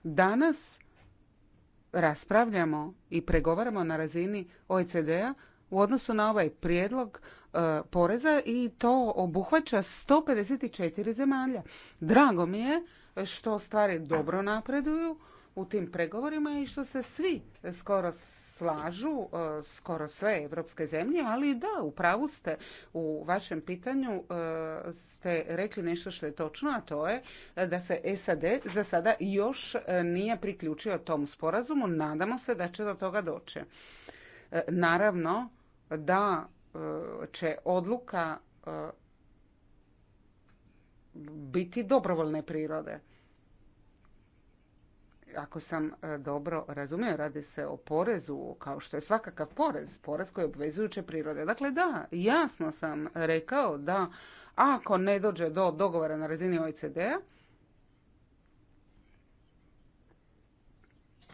A: Danas raspravljamo i pregovaramo na razini OECD-a u odnosu na ovaj prijedlog e, poreza i to obuhvaća 154 zemalja. Drago mi je što stvari dobro napreduju u tim pregovorima i što se svi skoro slažu e, skoro sve evropske zemlje, ali da, u pravu ste. U vašem pitanju e, ste rekli nešto što je točno, a to je da se SAD za sada još e, nije priključio tom sporazumu. Nadamo se da će do toga doći. Naravno da će odluka biti dobrovoljne prirode ako sam e, dobro razumio, radi se o porezu, kao što je svakakav porez, porez koji je obvezujuće prirode. Dakle, da, jasno sam rekao da ako ne dođe do dogovora na razini OECD-a,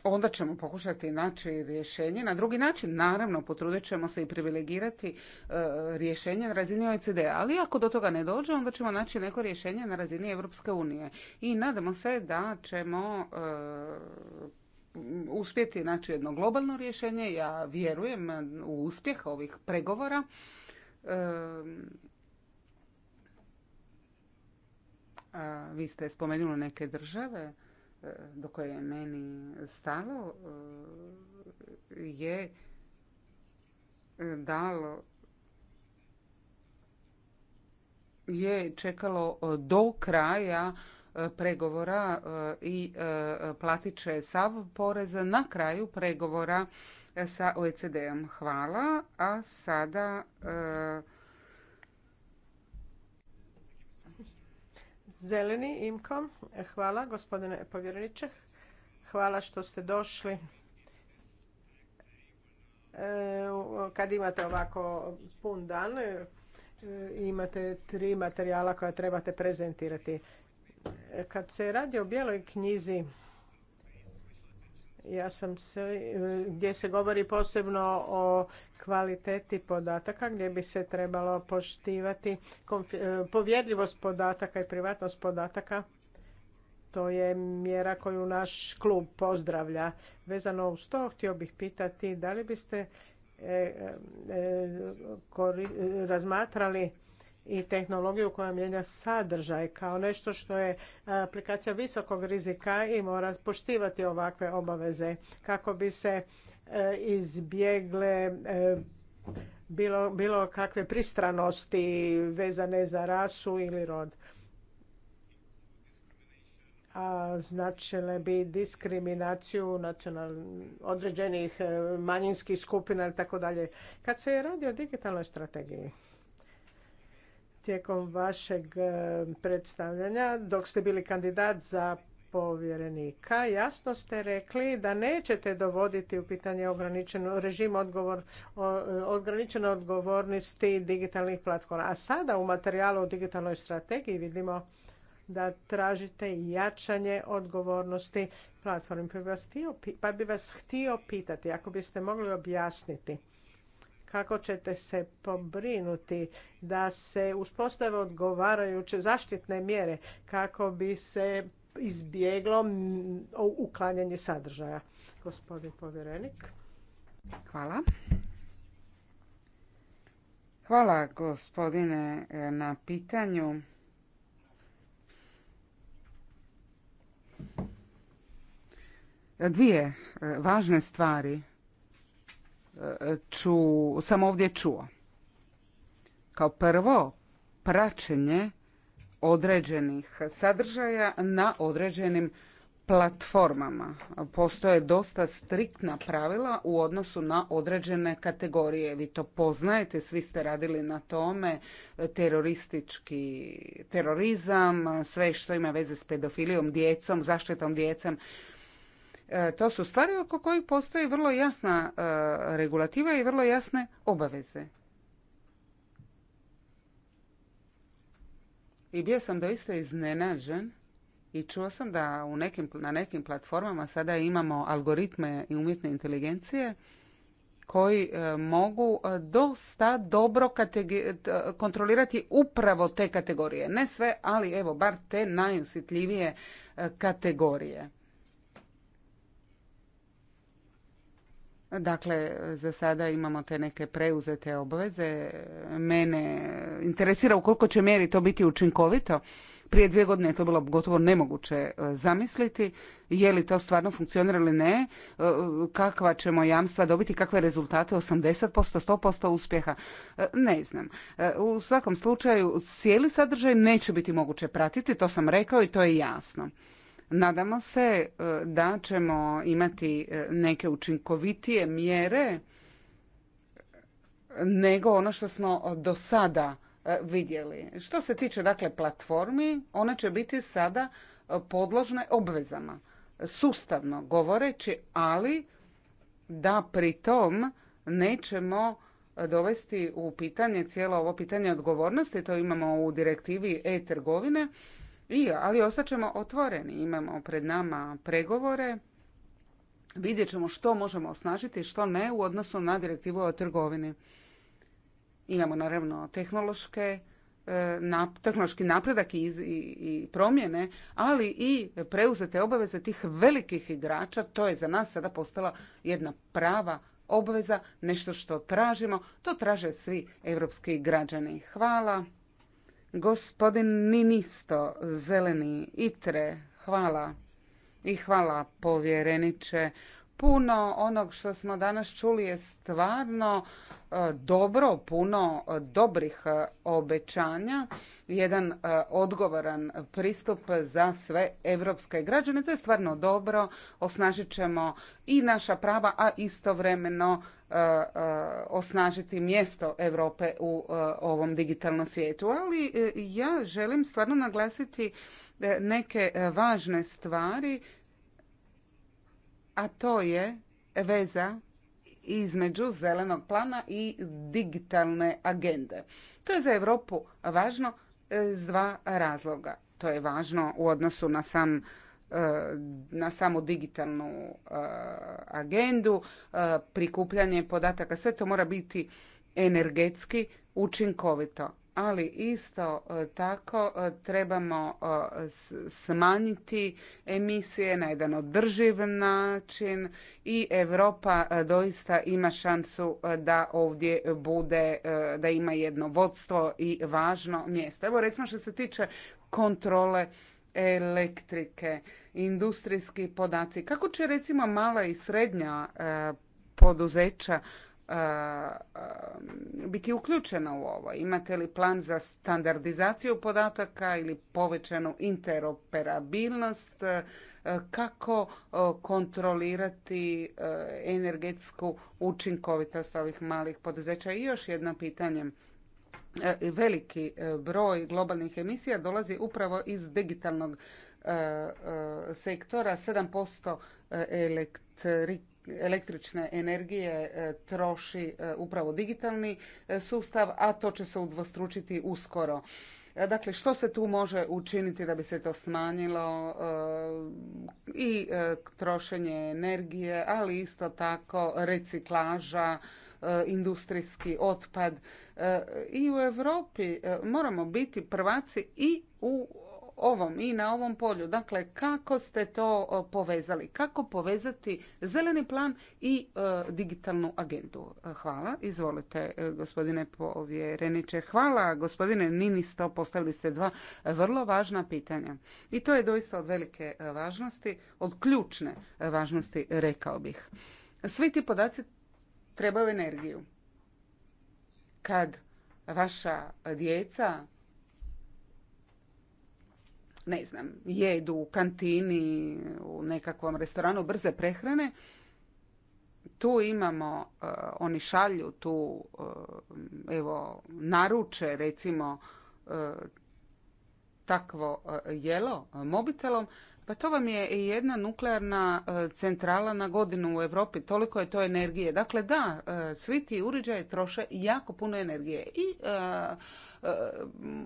A: onda ćemo pokušati naći rješenje na drugi način. Naravno, potrudit ćemo se i privilegirati e, rješenje na razini OECD, ali ako do toga ne dođe, onda ćemo naći neko rješenje na razini Europske unije. I nadamo se da ćemo e, uspjeti naći jedno globalno rješenje. Ja vjerujem u uspjeh ovih pregovora. E, vi ste spomenuli neke države do koje je meni stalo e, je dalo je čekalo do kraja e, pregovora e, i platit će sav porez na kraju pregovora sa OECD-om. Hvala. A sada
B: Zeleni, Imko, hvala gospodine povjereniče. Hvala što ste došli. E, kad imate ovako pun dan, e, imate tri materijala koja trebate prezentirati. E, kad se radi o bijeloj knjizi ja sam se, e, gdje se govori posebno o kvaliteti podataka gdje bi se trebalo poštivati e, povjedljivost podataka i privatnost podataka. To je mjera koju naš klub pozdravlja. Vezano uz to htio bih pitati da li biste e, razmatrali i tehnologiju koja mijenja sadržaj kao nešto što je aplikacija visokog rizika i mora poštivati ovakve obaveze kako bi se e, izbjegle e, bilo, bilo kakve pristranosti vezane za rasu ili rod. A značile bi diskriminaciju određenih e, manjinskih skupina i tako dalje. Kad se radi o digitalnoj strategiji, tijekom vašeg e, predstavljanja dok ste bili kandidat za povjerenika jasno ste rekli da nećete dovoditi u pitanje ograničen režim odgovor, ograničene odgovornosti digitalnih platforma. A sada u materijalu o digitalnoj strategiji vidimo da tražite jačanje odgovornosti platformi. Pa bi vas htio pa pitati, ako biste mogli objasniti kako ćete se pobrinuti da se uspostave odgovarajuće zaštitne mjere kako bi se izbjeglo uklanjanje sadržaja. Gospodin povjerenik. Hvala. Hvala
A: gospodine e, na pitanju. Dvije e, važne stvari ču, sam ovdje čuo. Kao prvo, praćenje određenih sadržaja na određenim platformama. Postoje dosta striktna pravila u odnosu na određene kategorije. Vi to poznajete, svi ste radili na tome, teroristički terorizam, sve što ima veze s pedofilijom, djecom, zaštitom djecom. E, to su stvari oko kojih postoji vrlo jasna e, regulativa i vrlo jasne obaveze. I bio sam doista iznenađen i čuo sam da u nekim, na nekim platformama sada imamo algoritme i umjetne inteligencije koji e, mogu dosta dobro kontrolirati upravo te kategorije. Ne sve, ali evo, bar te najosjetljivije kategorije. Dakle, za sada imamo te neke preuzete obveze. Mene interesira u koliko će mjeri to biti učinkovito. Prije dvije godine je to bilo gotovo nemoguće e, zamisliti. Je li to stvarno funkcionira ili ne? E, kakva ćemo jamstva dobiti? Kakve rezultate? 80%, 100% uspjeha? E, ne znam. U svakom slučaju, cijeli sadržaj neće biti moguće pratiti. To sam rekao i to je jasno. Nadamo se e, da ćemo imati e, neke učinkovitije mjere nego ono što smo do sada e, vidjeli. Što se tiče dakle platformi, one će biti sada podložne obvezama sustavno govoreći, ali da pri tom nećemo dovesti u pitanje cijelo ovo pitanje odgovornosti, to imamo u direktivi e-trgovine i, ali ostaćemo otvoreni, imamo pred nama pregovore, vidjet ćemo što možemo osnažiti i što ne u odnosu na direktivu o trgovini. Imamo naravno tehnološke e, tehnološki napredak i, i promjene, ali i preuzete obaveze tih velikih igrača, to je za nas sada postala jedna prava obveza, nešto što tražimo, to traže svi europski građani. Hvala. Gospodin Ninisto, zeleni itre, hvala. I hvala povjereniče. Puno onog što smo danas čuli je stvarno e, dobro, puno e, dobrih e, obećanja. Jedan odgovoran pristup za sve evropske građane. To je stvarno dobro. Osnažit ćemo i naša prava, a istovremeno E, e, osnažiti mjesto Europe u e, ovom digitalnom svijetu. Ali ja želim stvarno naglasiti neke važne stvari, a to je veza između zelenog plana i digitalne agende. To je za Europu važno s dva razloga. To je važno u odnosu na sam E, na samu digitalnu e, agendu, e, prikupljanje podataka, sve to mora biti energetski učinkovito. Ali isto tako trebamo smanjiti emisije na jedan održiv način i Europa doista ima šansu da ovdje bude, da ima jedno vodstvo i važno mjesto. Evo recimo što se tiče kontrole elektrike, industrijski podaci. Kako će recimo mala i srednja e, poduzeća e, e, biti uključena u ovo? Imate li plan za standardizaciju podataka ili povećanu interoperabilnost? Kako kontrolirati energetsku učinkovitost ovih malih poduzeća? I još jedno pitanje E, veliki e, broj globalnih emisija dolazi upravo iz digitalnog e, sektora. 7% posto električne energije troši upravo digitalni sustav, a to će se udvostručiti uskoro. Dakle, što se tu može učiniti da bi se to smanjilo i trošenje energije, ali isto tako reciklaža, E, industrijski otpad. E, I u Europi e, moramo biti prvaci i u ovom i na ovom polju. Dakle, kako ste to povezali? Kako povezati zeleni plan i digitalnu agendu? Hvala. Izvolite, gospodine povjereniče. Hvala, gospodine Ninisto. Postavili ste dva vrlo važna pitanja. I to je doista od velike važnosti, od ključne važnosti, rekao bih. Svi ti podaci trebaju energiju. Kad vaša djeca ne znam, jedu u kantini, u nekakvom restoranu brze prehrane, tu imamo, e, oni šalju tu, e, evo, naruče recimo e, takvo jelo mobitelom, pa to vam je jedna nuklearna e, centrala na godinu u Europi, toliko je to energije. Dakle, da, e, svi ti uređaje troše jako puno energije i e,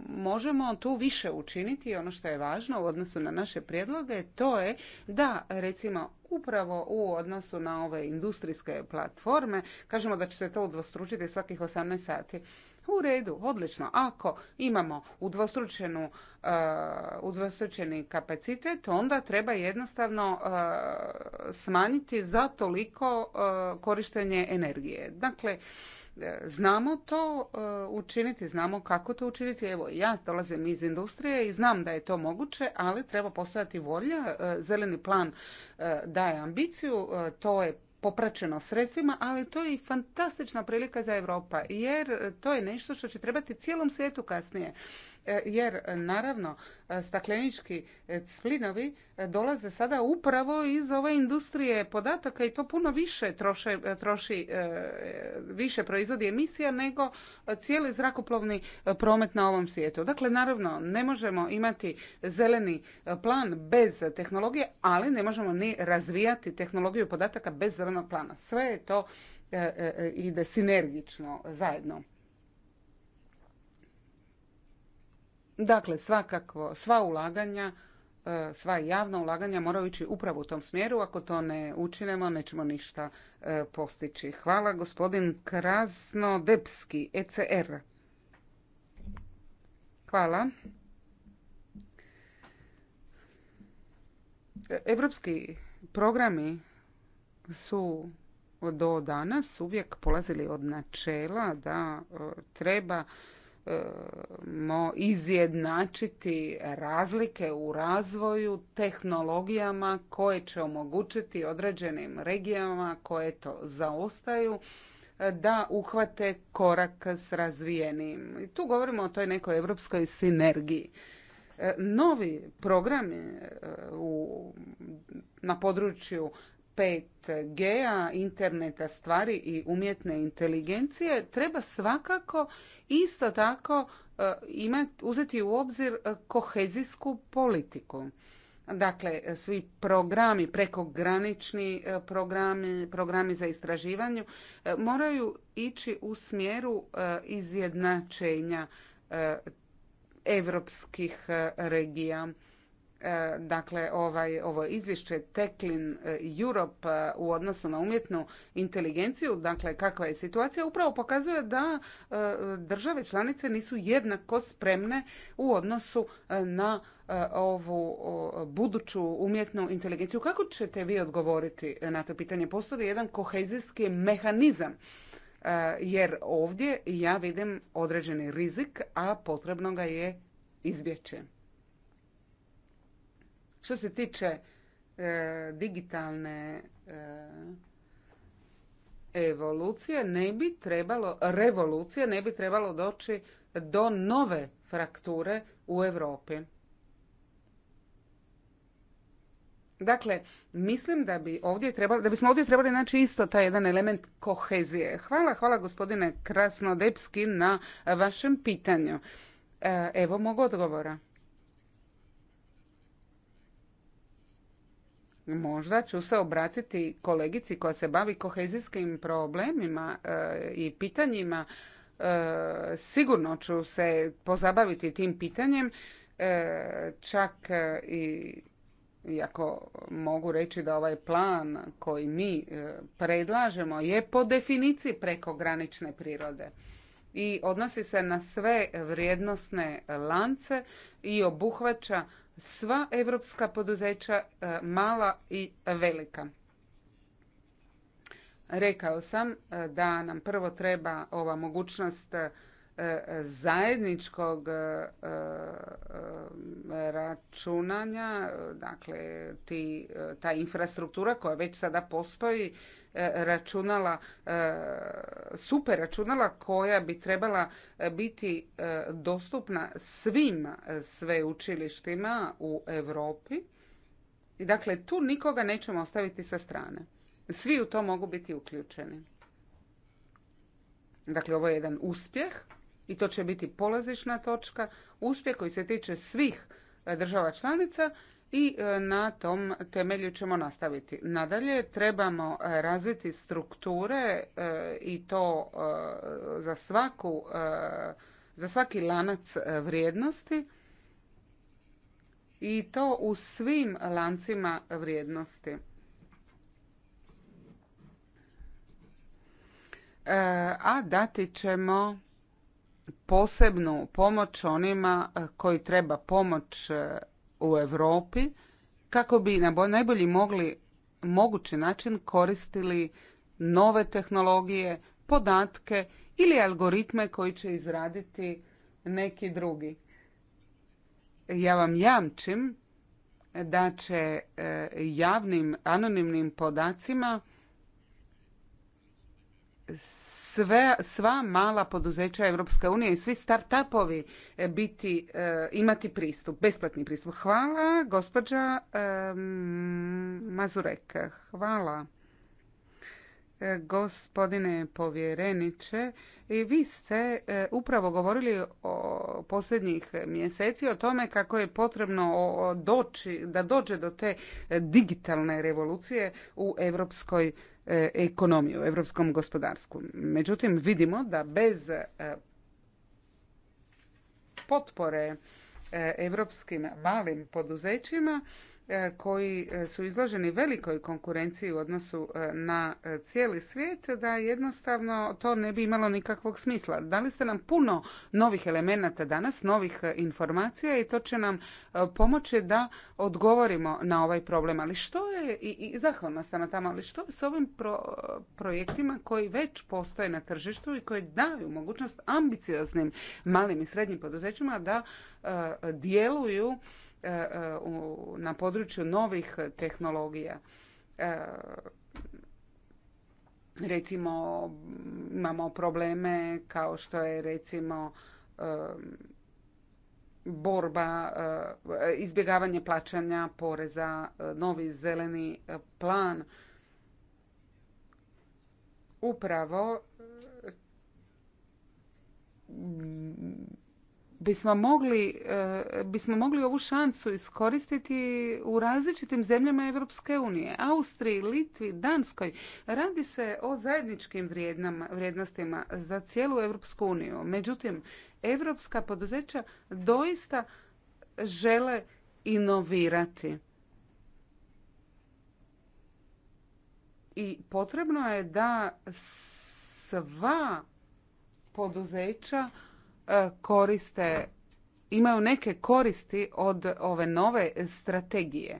A: možemo tu više učiniti. Ono što je važno u odnosu na naše prijedloge, to je da, recimo, upravo u odnosu na ove industrijske platforme, kažemo da će se to udvostručiti svakih 18 sati. U redu, odlično. Ako imamo udvostručenu, e, udvostručeni kapacitet, onda treba jednostavno e, smanjiti za toliko e, korištenje energije. Dakle, znamo to učiniti, znamo kako to učiniti. Evo, ja dolazim iz industrije i znam da je to moguće, ali treba postojati volja. Zeleni plan daje ambiciju, to je popraćeno sredstvima, ali to je i fantastična prilika za Europa jer to je nešto što će trebati cijelom svijetu kasnije. E, jer naravno e, staklenički e, splinovi dolaze sada upravo iz ove industrije podataka i to puno više troše, troši, više proizvodi emisija nego cijeli zrakoplovni promet na ovom svijetu. Dakle, naravno, ne možemo imati zeleni plan bez tehnologije, ali ne možemo ni razvijati tehnologiju podataka bez zelenog plana. Sve je to ide sinergično zajedno. Dakle, svakako sva ulaganja, e, sva javna ulaganja moraju ići upravo u tom smjeru. Ako to ne učinemo, nećemo ništa e, postići. Hvala gospodin Krasnodebski, ECR. Hvala. Evropski programi su do danas uvijek polazili od načela da e, treba izjednačiti razlike u razvoju tehnologijama koje će omogućiti određenim regijama koje to zaostaju eh, da uhvate korak s razvijenim. I tu govorimo o toj nekoj europskoj sinergiji. Eh, novi programi eh, na području 5G-a, interneta stvari i umjetne inteligencije treba svakako isto tako eh, uzeti u obzir eh, kohezijsku politiku. Dakle, svi programi, prekogranični eh, programi, programi za istraživanje moraju ići u smjeru izjednačenja europskih regija E, dakle ovaj, ovo izvješće Teklin e, Europe e, u odnosu na umjetnu inteligenciju, dakle kakva je situacija, upravo pokazuje da države članice nisu jednako spremne u odnosu na ovu buduću umjetnu inteligenciju. Kako ćete vi odgovoriti na to pitanje? Postoji jedan kohezijski mehanizam jer ovdje ja vidim određeni rizik, a potrebno ga je izbjeći. Što se tiče e, digitalne e, evolucije, ne bi trebalo, revolucije ne bi trebalo doći do nove frakture u Europi. Dakle, mislim da bi ovdje trebali, da bismo ovdje trebali naći isto taj jedan element kohezije. Hvala, hvala gospodine Krasnodepski na vašem pitanju. E, evo mog odgovora. Možda ću se obratiti kolegici koja se bavi kohezijskim problemima e, i pitanjima. E, sigurno ću se pozabaviti tim pitanjem. E, čak i iako mogu reći da ovaj plan koji mi predlažemo je po definiciji prekogranične prirode i odnosi se na sve vrijednosne lance i obuhvaća sva europska poduzeća, e, mala i velika. Rekao sam e, da nam prvo treba ova mogućnost e, zajedničkog računanja, dakle ti, ta infrastruktura koja već sada postoji E, računala, e, super računala koja bi trebala e, biti dostupna svim sveučilištima u Europi. I dakle, tu nikoga nećemo ostaviti sa strane. Svi u to mogu biti uključeni. Dakle, ovo je jedan uspjeh i to će biti polazišna točka. Uspjeh koji se tiče svih država članica i e, na tom temelju ćemo nastaviti. Nadalje trebamo razviti strukture e, i to e, za svaku za svaki lanac vrijednosti i to u svim lancima vrijednosti. A dati ćemo posebnu pomoć onima koji treba pomoć u Europi kako bi na najbolji mogli mogući način koristili nove tehnologije, podatke ili algoritme koji će izraditi neki drugi. Ja vam jamčim da će e, javnim anonimnim podacima sve, sva mala poduzeća Europske unije i svi startupovi e, biti, e, imati pristup, besplatni pristup. Hvala, gospođa e, Mazurek. Hvala gospodine povjereniče. I vi ste upravo govorili o posljednjih mjeseci o tome kako je potrebno doći, da dođe do te digitalne revolucije u Europskoj E, ekonomiju, europskom gospodarstvu. Međutim, vidimo da bez e, potpore europskim malim poduzećima E, koji e, su izloženi velikoj konkurenciji u odnosu e, na cijeli svijet, da jednostavno to ne bi imalo nikakvog smisla. Dali ste nam puno novih elemenata danas, novih informacija i to će nam pomoći da odgovorimo na ovaj problem. Ali što je, i, zahvalno zahvalna sam na tamo, ali što je s ovim projektima koji već postoje na tržištu i koji daju mogućnost ambicioznim malim i srednjim poduzećima da djeluju E, e, na području novih tehnologija. E, recimo imamo probleme kao što je recimo borba, izbjegavanje plaćanja poreza, novi zeleni plan. Upravo bismo mogli, eh, bismo mogli ovu šansu iskoristiti u različitim zemljama Europske unije, Austriji, Litvi, Danskoj. Radi se o zajedničkim vrijednostima za cijelu Europsku uniju. Međutim, europska poduzeća doista žele inovirati. I potrebno je da sva poduzeća E, koriste, imaju neke koristi od ove nove strategije,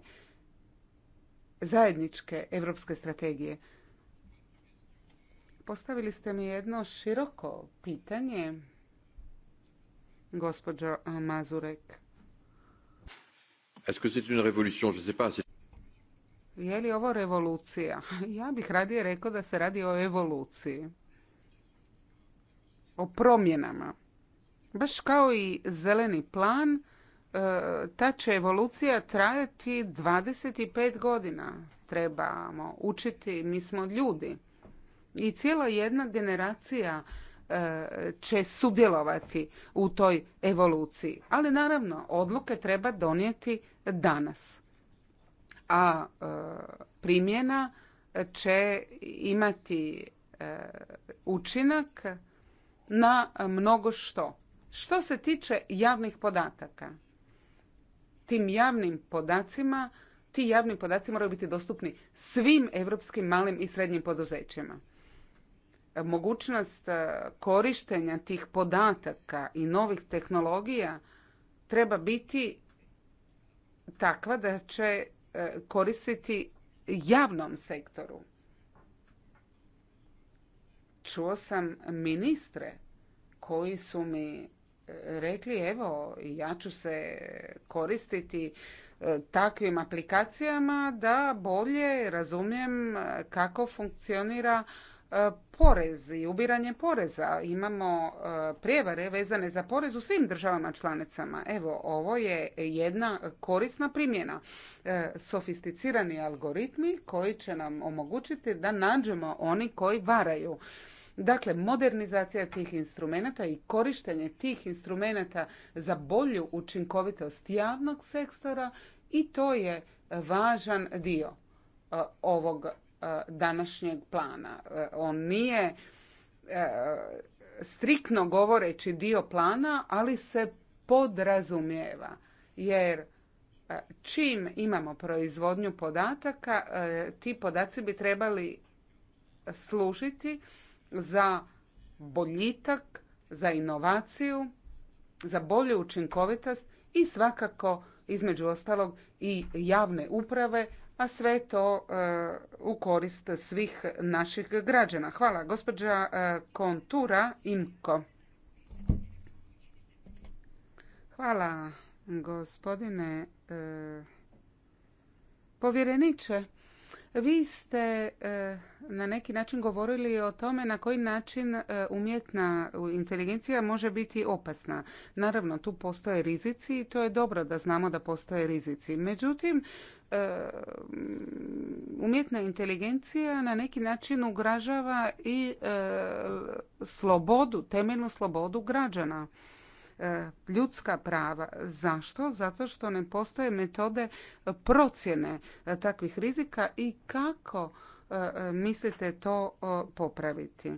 A: zajedničke evropske strategije. Postavili ste mi jedno široko pitanje, gospođo Mazurek. Je li ovo revolucija? Ja bih radije rekao da se radi o evoluciji. O promjenama. Baš kao i zeleni plan, e, ta će evolucija trajati 25 godina. Trebamo učiti, mi smo ljudi. I cijela jedna generacija e, će sudjelovati u toj evoluciji. Ali naravno, odluke treba donijeti danas. A e, primjena će imati učinak na mnogo što. Što se tiče javnih podataka, tim javnim podacima, ti javni podaci moraju biti dostupni svim europskim malim i srednjim poduzećima. Mogućnost e, korištenja tih podataka i novih tehnologija treba biti takva da će e, koristiti javnom sektoru. Čuo sam ministre koji su mi rekli evo ja ću se koristiti e, takvim aplikacijama da bolje razumijem e, kako funkcionira e, porez i ubiranje poreza. Imamo prijevare vezane za porez u svim državama članicama. Evo, ovo je jedna korisna primjena. Sofisticirani algoritmi koji će nam omogućiti da nađemo oni koji varaju. Dakle, modernizacija tih instrumenata i korištenje tih instrumenata za bolju učinkovitost javnog sektora i to je važan dio e, ovog e, današnjeg plana. E, on nije striktno govoreći dio plana, ali se podrazumijeva. Jer čim imamo proizvodnju podataka, ti podaci bi trebali služiti za boljitak, za inovaciju, za bolju učinkovitost i svakako između ostalog i javne uprave, a sve to e, u korist svih naših građana. Hvala. Gospođa e, Kontura Imko. Hvala gospodine e, povjereniče. Vi ste e, na neki način govorili o tome na koji način e, umjetna inteligencija može biti opasna. Naravno, tu postoje rizici i to je dobro da znamo da postoje rizici. Međutim, e, umjetna inteligencija na neki način ugražava i slobodu, temeljnu slobodu građana. E, ljudska prava. Zašto? Zato što ne postoje metode procjene e, takvih rizika i kako e, mislite to popraviti.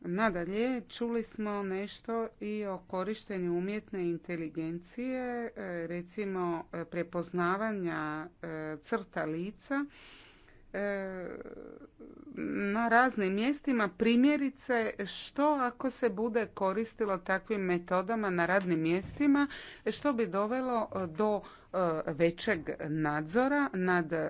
A: Nadalje, čuli smo nešto i o korištenju umjetne inteligencije, recimo prepoznavanja crta lica na raznim mjestima primjerice što ako se bude koristilo takvim metodama na radnim mjestima što bi dovelo do E, većeg nadzora nad e,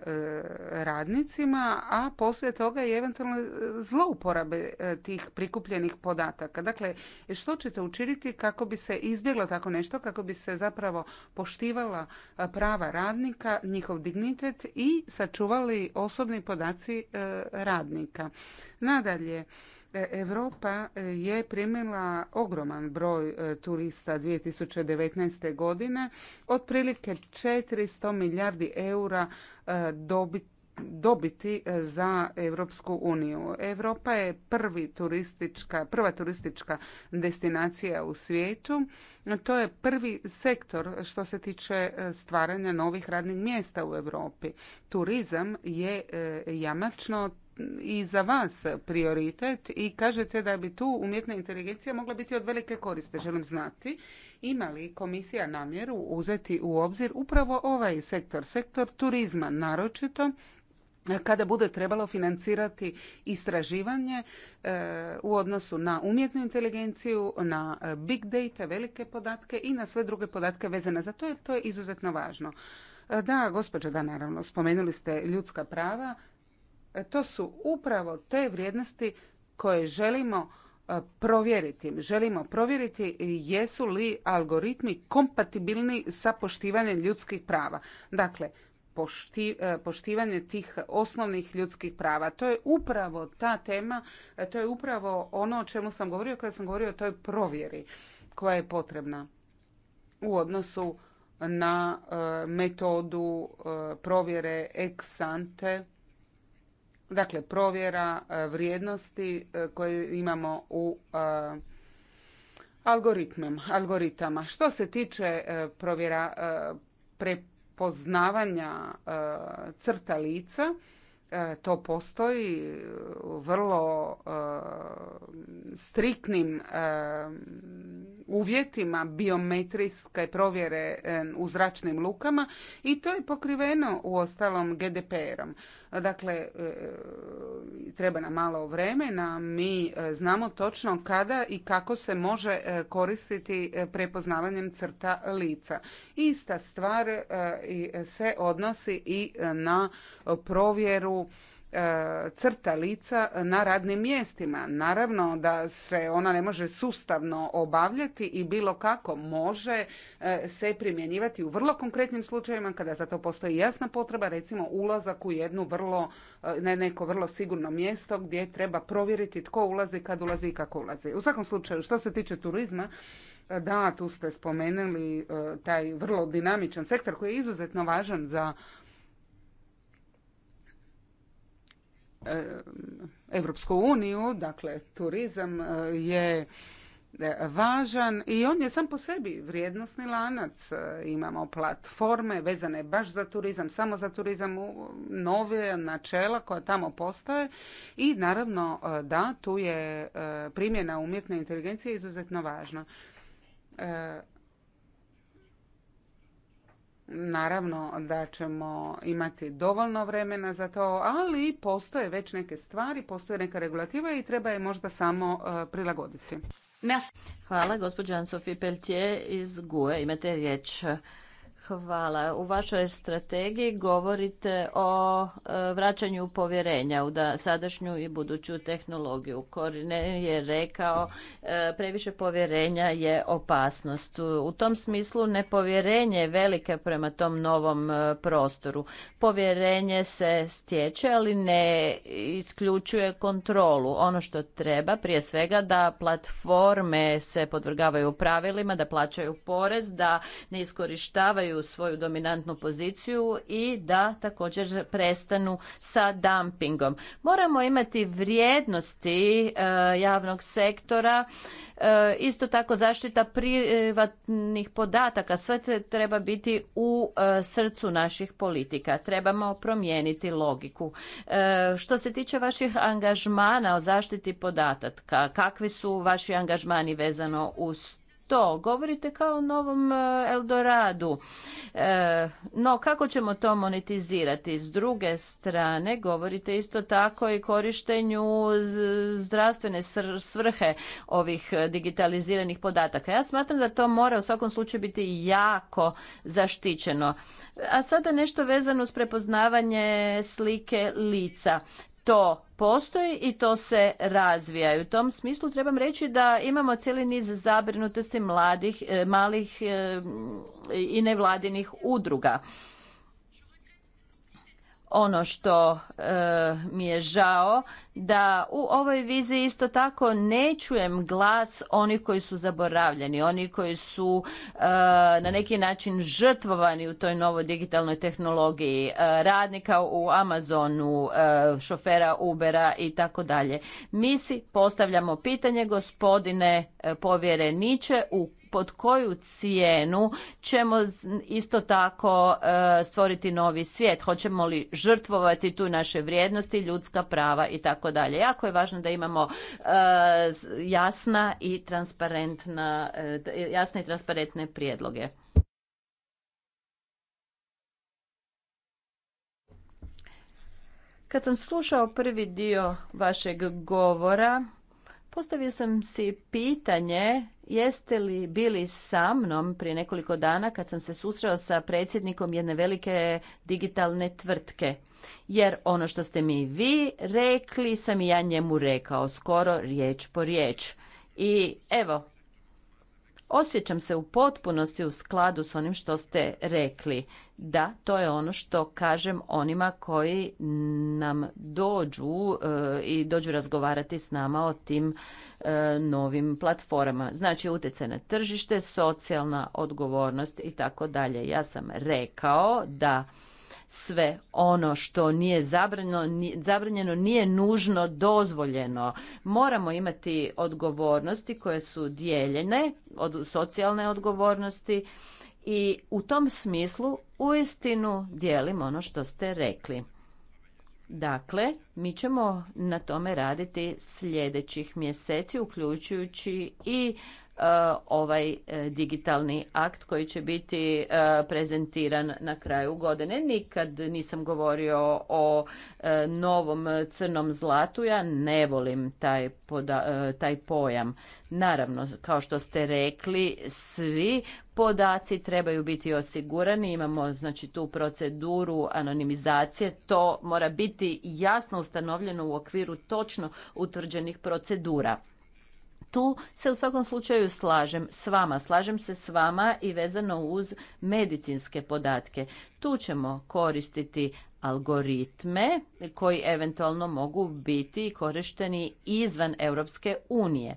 A: radnicima, a poslije toga i eventualno zlouporabe e, tih prikupljenih podataka. Dakle, što ćete učiniti kako bi se izbjeglo tako nešto, kako bi se zapravo poštivala prava radnika, njihov dignitet i sačuvali osobni podaci radnika. Nadalje, E, Europa e, je primila ogroman broj e, turista 2019. godine, otprilike 400 milijardi eura dobiti za Europsku uniju. Europa je prvi turistička, prva turistička destinacija u svijetu. To je prvi sektor što se tiče stvaranja novih radnih mjesta u Europi. Turizam je jamačno i za vas prioritet i kažete da bi tu umjetna inteligencija mogla biti od velike koriste. Želim znati ima li komisija namjeru uzeti u obzir upravo ovaj sektor, sektor turizma naročito kada bude trebalo financirati istraživanje e, u odnosu na umjetnu inteligenciju, na big data, velike podatke i na sve druge podatke vezane za to jer to je izuzetno važno. E, da, gospođo, da, naravno, spomenuli ste ljudska prava, to su upravo te vrijednosti koje želimo e, provjeriti. Želimo provjeriti jesu li algoritmi kompatibilni sa poštivanjem ljudskih prava. Dakle, e, poštivanje tih osnovnih ljudskih prava. To je upravo ta tema, e, to je upravo ono o čemu sam govorio kada sam govorio o toj provjeri koja je potrebna u odnosu na metodu provjere ex ante Dakle, provjera e, vrijednosti e, koje imamo u e, algoritmem, algoritama. Što se tiče provjera prepoznavanja crta lica, to postoji vrlo striktnim uvjetima biometrijske provjere u zračnim lukama i to je pokriveno u ostalom GDPR-om. Dakle, e, treba nam malo vremena, mi e, znamo točno kada i kako se može e, koristiti prepoznavanjem crta lica. Ista stvar se odnosi i na provjeru crta lica na radnim mjestima. Naravno da se ona ne može sustavno obavljati i bilo kako može e, se primjenjivati u vrlo konkretnim slučajevima kada za to postoji jasna potreba, recimo ulazak u jednu vrlo, e, ne neko vrlo sigurno mjesto gdje treba provjeriti tko ulazi, kad ulazi i kako ulazi. U svakom slučaju, što se tiče turizma, e, da, tu ste spomenuli taj vrlo dinamičan sektor koji je izuzetno važan za Europsku uniju, dakle turizam e, je e, važan i on je sam po sebi vrijednosni lanac. E, imamo platforme vezane baš za turizam, samo za turizam, nove načela koja tamo postoje i naravno da tu je primjena umjetne inteligencije izuzetno važna. Naravno da ćemo imati dovoljno vremena za to, ali postoje već neke stvari, postoje neka regulativa i
C: treba je možda samo e, prilagoditi. Hvala, gospođa sophie iz GUE. Imate riječ. Hvala. U vašoj strategiji govorite o e, vraćanju povjerenja u da sadašnju i buduću tehnologiju. Korine je rekao e, previše povjerenja je opasnost. U tom smislu nepovjerenje je velike prema tom novom e, prostoru. Povjerenje se stječe, ali ne isključuje kontrolu. Ono što treba prije svega da platforme se podvrgavaju pravilima, da plaćaju porez, da ne iskorištavaju u svoju dominantnu poziciju i da također prestanu sa dumpingom. Moramo imati vrijednosti e, javnog sektora, e, isto tako zaštita privatnih podataka, sve treba biti u e, srcu naših politika. Trebamo promijeniti logiku. Što se tiče vaših angažmana o zaštiti podataka, kakvi su vaši angažmani vezano uz to? Govorite kao o novom e, Eldoradu. E, no, kako ćemo to monetizirati? S druge strane, govorite isto tako i korištenju zdravstvene svrhe ovih digitaliziranih podataka. Ja smatram da to mora u svakom slučaju biti jako zaštićeno. A sada nešto vezano uz prepoznavanje slike lica to postoji i to se razvija. I u tom smislu trebam reći da imamo cijeli niz zabrinutosti mladih, e, malih e, i nevladinih udruga ono što e, mi je žao da u ovoj vizi isto tako ne čujem glas onih koji su zaboravljeni, oni koji su e, na neki način žrtvovani u toj novoj digitalnoj tehnologiji, e, radnika u Amazonu, e, šofera Ubera i tako dalje. Mi si postavljamo pitanje gospodine povjereniče u pod koju cijenu ćemo isto tako e, stvoriti novi svijet. Hoćemo li žrtvovati tu naše vrijednosti, ljudska prava i tako dalje. Jako je važno da imamo e, jasna i transparentna, e, jasne i transparentne prijedloge. Kad sam slušao prvi dio vašeg govora, Postavio sam si pitanje jeste li bili sa mnom prije nekoliko dana kad sam se susreo sa predsjednikom jedne velike digitalne tvrtke. Jer ono što ste mi vi rekli sam i ja njemu rekao skoro riječ po riječ. I evo, Osjećam se u potpunosti u skladu s onim što ste rekli. Da, to je ono što kažem onima koji nam dođu e, i dođu razgovarati s nama o tim e, novim platformama. Znači utjecaj na tržište, socijalna odgovornost i tako dalje. Ja sam rekao da sve ono što nije zabranjeno nije nužno dozvoljeno. Moramo imati odgovornosti koje su dijeljene od socijalne odgovornosti i u tom smislu uistinu dijelim ono što ste rekli. Dakle, mi ćemo na tome raditi sljedećih mjeseci, uključujući i E, ovaj e, digitalni akt koji će biti e, prezentiran na kraju godine. Nikad nisam govorio o novom crnom zlatu, ja ne volim taj, taj pojam. Naravno, kao što ste rekli, svi podaci trebaju biti osigurani. Imamo znači tu proceduru anonimizacije. To mora biti jasno ustanovljeno u okviru točno utvrđenih procedura tu se u svakom slučaju slažem s vama. Slažem se s vama i vezano uz medicinske podatke. Tu ćemo koristiti algoritme koji eventualno mogu biti korišteni izvan Europske unije.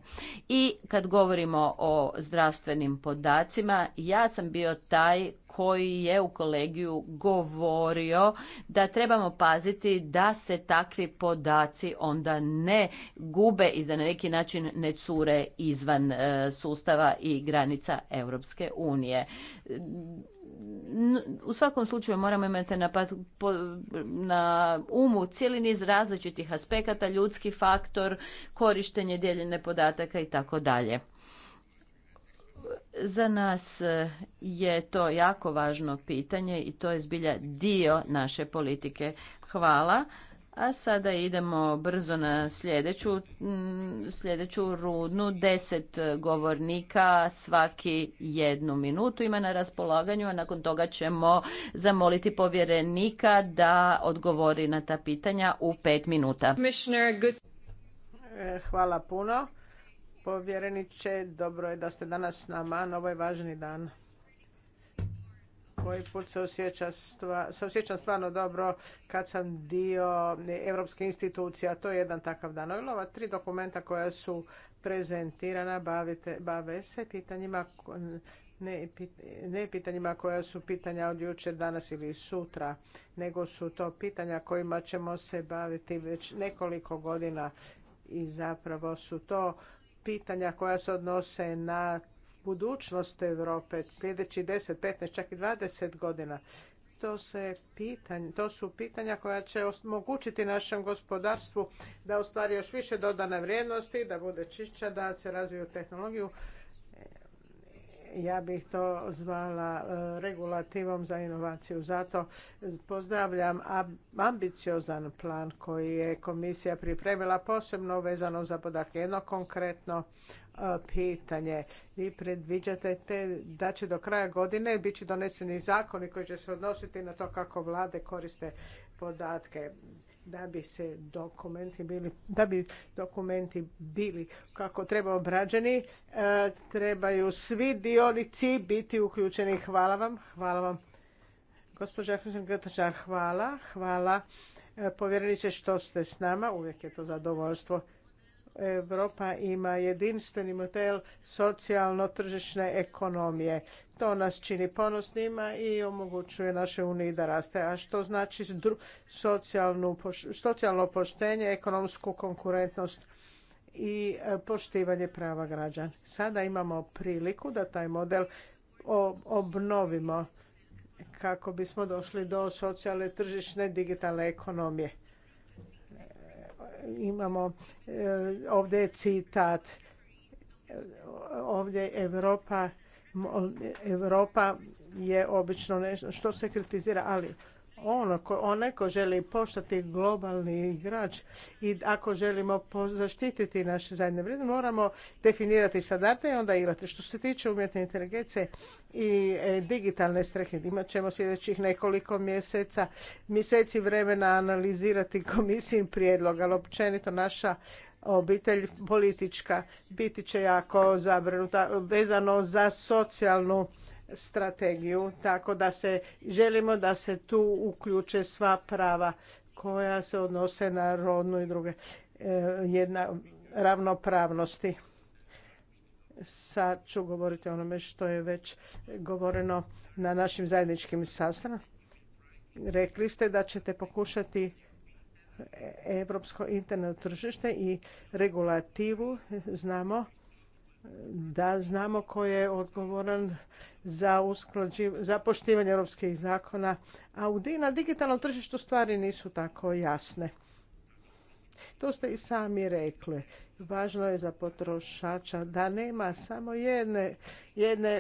C: I kad govorimo o zdravstvenim podacima, ja sam bio taj koji je u kolegiju govorio da trebamo paziti da se takvi podaci onda ne gube i da na neki način ne cure izvan e, sustava i granica Europske unije u svakom slučaju moramo imati na, na umu cijeli niz različitih aspekata, ljudski faktor, korištenje dijeljene podataka i tako dalje. Za nas e, je to jako važno pitanje i to je zbilja dio naše politike. Hvala. A sada idemo brzo na sljedeću, mm, sljedeću rudnu. Deset govornika svaki jednu minutu ima na raspolaganju, a nakon toga ćemo zamoliti povjerenika da odgovori na ta pitanja u pet minuta. E,
B: hvala puno. Povjereniče, dobro je da ste danas s nama na ovaj važni dan koji put se osjeća osjećam stvarno dobro kad sam dio europske institucije, a to je jedan takav dan. Ova tri dokumenta koja su prezentirana bavite, bave se pitanjima ne, ne pitanjima koja su pitanja od jučer, danas ili sutra, nego su to pitanja kojima ćemo se baviti već nekoliko godina i zapravo su to pitanja koja se odnose na budućnost Europe sljedeći 10, 15, čak i 20 godina. To, se pitanje, to su pitanja koja će omogućiti našem gospodarstvu da ostvari još više dodane vrijednosti, da bude čišća, da se razviju tehnologiju ja bih to zvala e, regulativom za inovaciju. Zato pozdravljam ambiciozan plan koji je komisija pripremila posebno vezano za podatke. Jedno konkretno e, pitanje. Vi predviđate te da će do kraja godine biti doneseni zakoni koji će se odnositi na to kako vlade koriste podatke da bi se dokumenti bili, da bi dokumenti bili kako treba obrađeni, e, trebaju svi dionici biti uključeni. Hvala vam, hvala vam. Gospođa Gretačar hvala, hvala. E, povjereniče što ste s nama, uvijek je to zadovoljstvo. Europa ima jedinstveni model socijalno-tržišne ekonomije. To nas čini ponosnima i omogućuje našoj Uniji da raste. A što znači socijalno poštenje, ekonomsku konkurentnost i e, poštivanje prava građana. Sada imamo priliku da taj model obnovimo kako bismo došli do socijalne tržišne digitalne ekonomije imamo e, ovdje citat ovdje Europa Europa je obično nešto što se kritizira ali ono ko, onaj ko želi poštati globalni igrač i ako želimo zaštititi naše zajedne vrijednosti moramo definirati standarde i onda igrati. Što se tiče umjetne inteligencije i e, digitalne strehe, imat ćemo sljedećih nekoliko mjeseca, mjeseci vremena analizirati komisijin prijedlog, ali općenito naša obitelj politička biti će jako zabrinuta vezano za socijalnu strategiju, tako da se želimo da se tu uključe sva prava koja se odnose na rodnu i druge e, jedna ravnopravnosti. Sad ću govoriti o onome što je već govoreno na našim zajedničkim sastanama. Rekli ste da ćete pokušati europsko internet tržište i regulativu znamo da znamo ko je odgovoran za, za poštivanje europskih zakona, a u, na digitalnom tržištu stvari nisu tako jasne. To ste i sami rekli. Važno je za potrošača da nema samo jedne,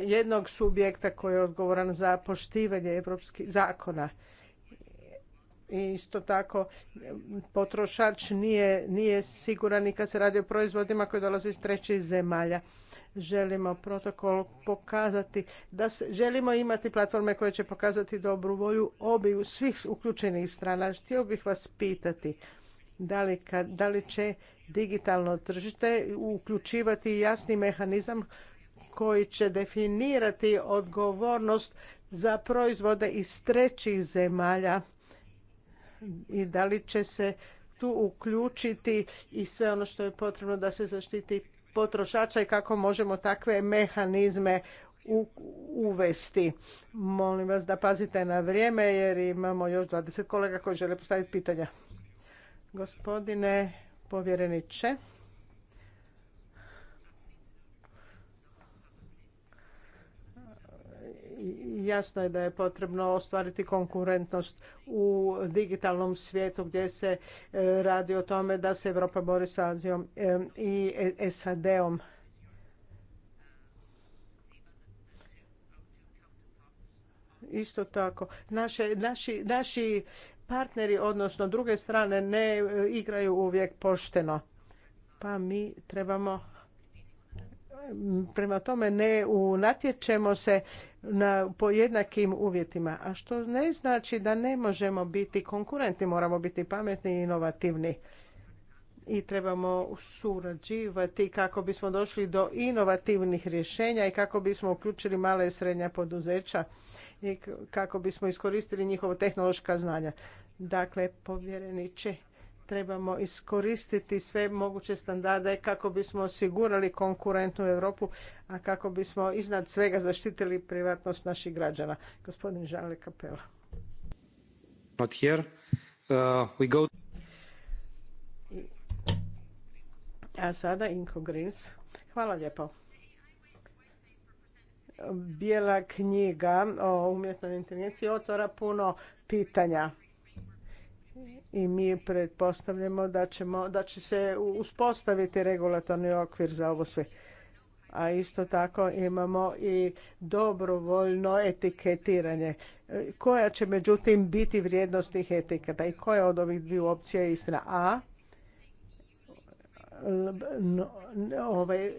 B: jednog subjekta koji je odgovoran za poštivanje europskih zakona isto tako potrošač nije, nije siguran ni kad se radi o proizvodima koji dolaze iz trećih zemalja. Želimo protokol pokazati da se, želimo imati platforme koje će pokazati dobru volju obiju svih uključenih strana. Htio bih vas pitati da li, kad, da li će digitalno tržište uključivati jasni mehanizam koji će definirati odgovornost za proizvode iz trećih zemalja i da li će se tu uključiti i sve ono što je potrebno da se zaštiti potrošača i kako možemo takve mehanizme uvesti. Molim vas da pazite na vrijeme jer imamo još 20 kolega koji žele postaviti pitanja. Gospodine povjereniče. jasno je da je potrebno ostvariti konkurentnost u digitalnom svijetu gdje se e, radi o tome da se Europa bori sa Azijom e, i SAD-om. Isto tako, naši, naši partneri, odnosno druge strane, ne e, igraju uvijek pošteno. Pa mi trebamo Prema tome ne natječemo se na, po jednakim uvjetima, a što ne znači da ne možemo biti konkurentni, moramo biti pametni i inovativni i trebamo surađivati kako bismo došli do inovativnih rješenja i kako bismo uključili male i srednja poduzeća i kako bismo iskoristili njihovo tehnološka znanja. Dakle, povjereniče, trebamo iskoristiti sve moguće standarde kako bismo osigurali konkurentnu Europu, a kako bismo iznad svega zaštitili privatnost naših građana. Gospodin Žanle Kapela.
A: Uh,
B: a sada Inko Hvala lijepo. Bijela knjiga o umjetnoj inteligenciji otvara puno pitanja i mi pretpostavljamo da, ćemo, da će se uspostaviti regulatorni okvir za ovo sve. A isto tako imamo i dobrovoljno etiketiranje. E, koja će međutim biti vrijednost tih etiketa i koja od ovih dviju opcija je istina? A, ovaj,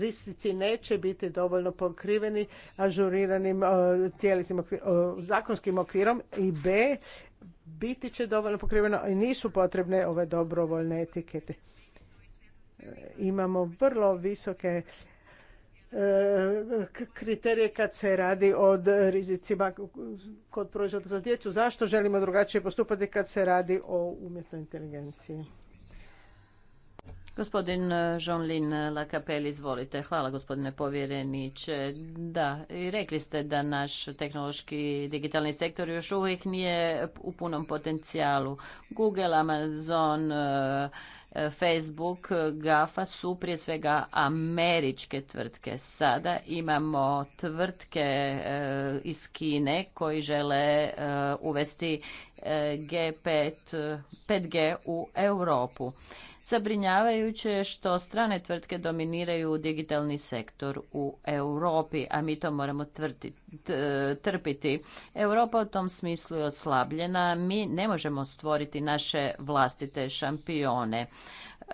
B: ristici neće biti dovoljno pokriveni ažuriranim e, tjelesnim e, zakonskim okvirom i B biti će dovoljno pokriveno i nisu potrebne ove dobrovoljne etikete. E, imamo vrlo visoke e, kriterije kad se radi o rizicima kod proizvoda za djecu. Zašto želimo drugačije postupati kad se radi o umjetnoj inteligenciji?
C: Gospodin eh, Jean-Lin Lacapelle, izvolite. Hvala gospodine povjereniče. Da, i rekli ste da naš tehnološki digitalni sektor još uvijek nije u punom potencijalu. Google, Amazon, eh, Facebook, GAFA su prije svega američke tvrtke. Sada imamo tvrtke eh, iz Kine koji žele uvesti G5, 5G u Europu. Zabrinjavajuće je što strane tvrtke dominiraju digitalni sektor u Europi, a mi to moramo trpiti. Europa u tom smislu je oslabljena. Mi ne možemo stvoriti naše vlastite šampione.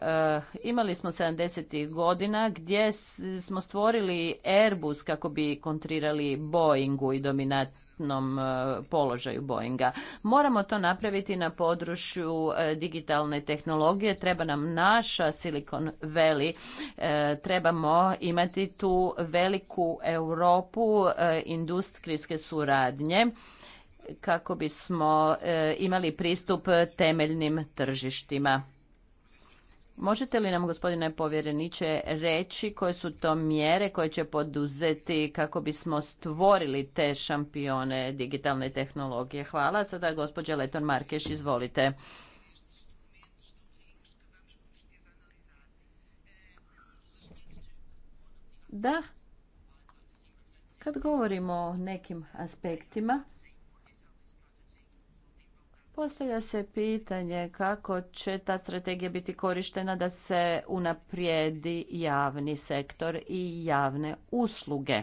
C: Eh, imali smo 70. godina gdje smo stvorili Airbus kako bi kontrirali Boeingu i dominantnom eh, položaju Boeinga. Moramo to napraviti na području eh, digitalne tehnologije. Treba nam naša Silicon Valley. Trebamo imati tu veliku Europu industrijske suradnje kako bismo imali pristup temeljnim tržištima. Možete li nam, gospodine povjereniče, reći koje su to mjere koje će poduzeti kako bismo stvorili te šampione digitalne tehnologije? Hvala. Sada gospođa Leton Markeš, izvolite. Da, kad govorimo o nekim aspektima, Postavlja se pitanje kako će ta strategija biti korištena da se unaprijedi javni sektor i javne usluge.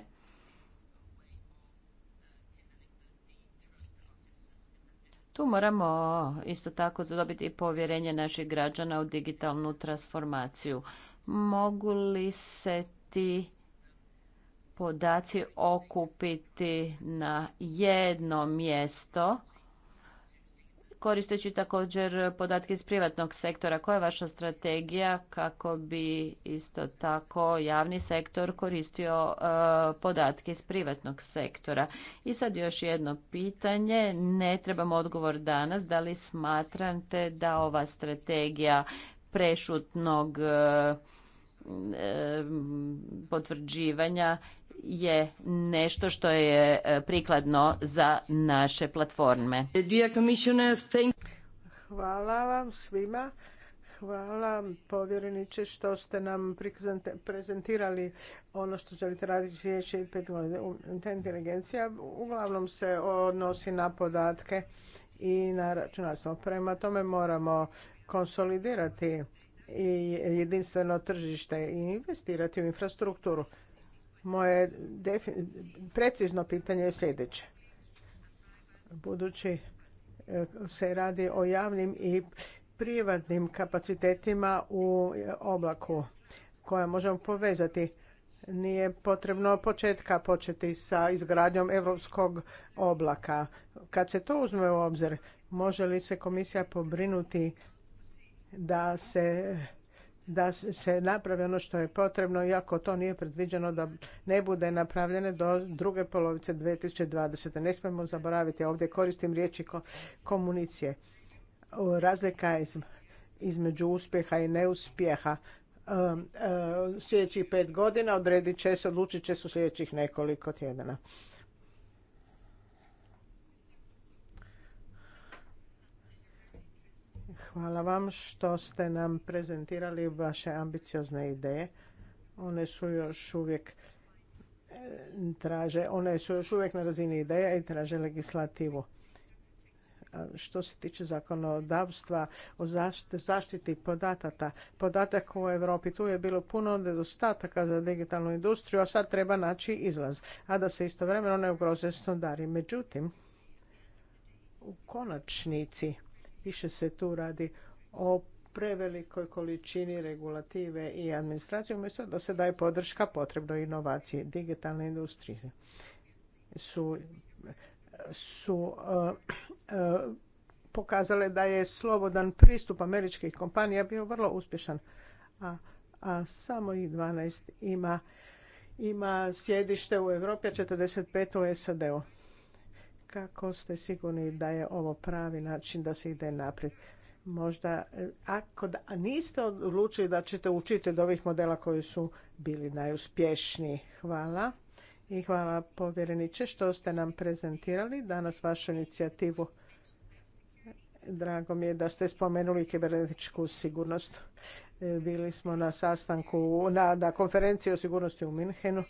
C: Tu moramo isto tako zadobiti povjerenje naših građana u digitalnu transformaciju. Mogu li se ti podaci okupiti na jedno mjesto? koristeći također podatke iz privatnog sektora. Koja je vaša strategija kako bi isto tako javni sektor koristio e, podatke iz privatnog sektora? I sad još jedno pitanje. Ne trebamo odgovor danas. Da li smatrate da ova strategija prešutnog e, e, potvrđivanja je nešto što je e, prikladno za naše platforme.
B: Hvala vam svima. Hvala povjereniče što ste nam prezentirali ono što želite raditi sljedeće i pet inteligencija uglavnom se odnosi na podatke i na računalstvo. Prema tome moramo konsolidirati i jedinstveno tržište i investirati u infrastrukturu. Moje precizno pitanje je sljedeće. Budući e, se radi o javnim i privatnim kapacitetima u oblaku koja možemo povezati. Nije potrebno početka početi sa izgradnjom europskog oblaka. Kad se to uzme u obzir, može li se komisija pobrinuti da se da se napravi ono što je potrebno, iako to nije predviđeno da ne bude napravljene do druge polovice 2020. Ne smijemo zaboraviti, ovdje koristim riječi komunicije. Razlika između uspjeha i neuspjeha um, e, sljedećih pet godina odredit će se, odlučit će se u sljedećih nekoliko tjedana. Hvala vam što ste nam prezentirali vaše ambiciozne ideje. One su još uvijek e, traže, one su još uvijek na razini ideja i traže legislativu. E, što se tiče zakonodavstva o zaštiti podataka podatak u Europi tu je bilo puno nedostataka za digitalnu industriju, a sad treba naći izlaz, a da se istovremeno ne ugroze standardi. Međutim, u konačnici Više se tu radi o prevelikoj količini regulative i administracije, umjesto da se daje podrška potrebnoj inovaciji. Digitalne industrije su, su uh, uh, pokazale da je slobodan pristup američkih kompanija bio vrlo uspješan, a, a samo i 12 ima, ima sjedište u Europi, a 45 u SAD-u kako ste sigurni da je ovo pravi način da se ide naprijed? Možda, eh, ako da, niste odlučili da ćete učiti od ovih modela koji su bili najuspješniji. Hvala. I hvala povjereniče što ste nam prezentirali danas vašu inicijativu. Drago mi je da ste spomenuli kibernetičku sigurnost. Eh, bili smo na sastanku, na, na konferenciji o sigurnosti u Minhenu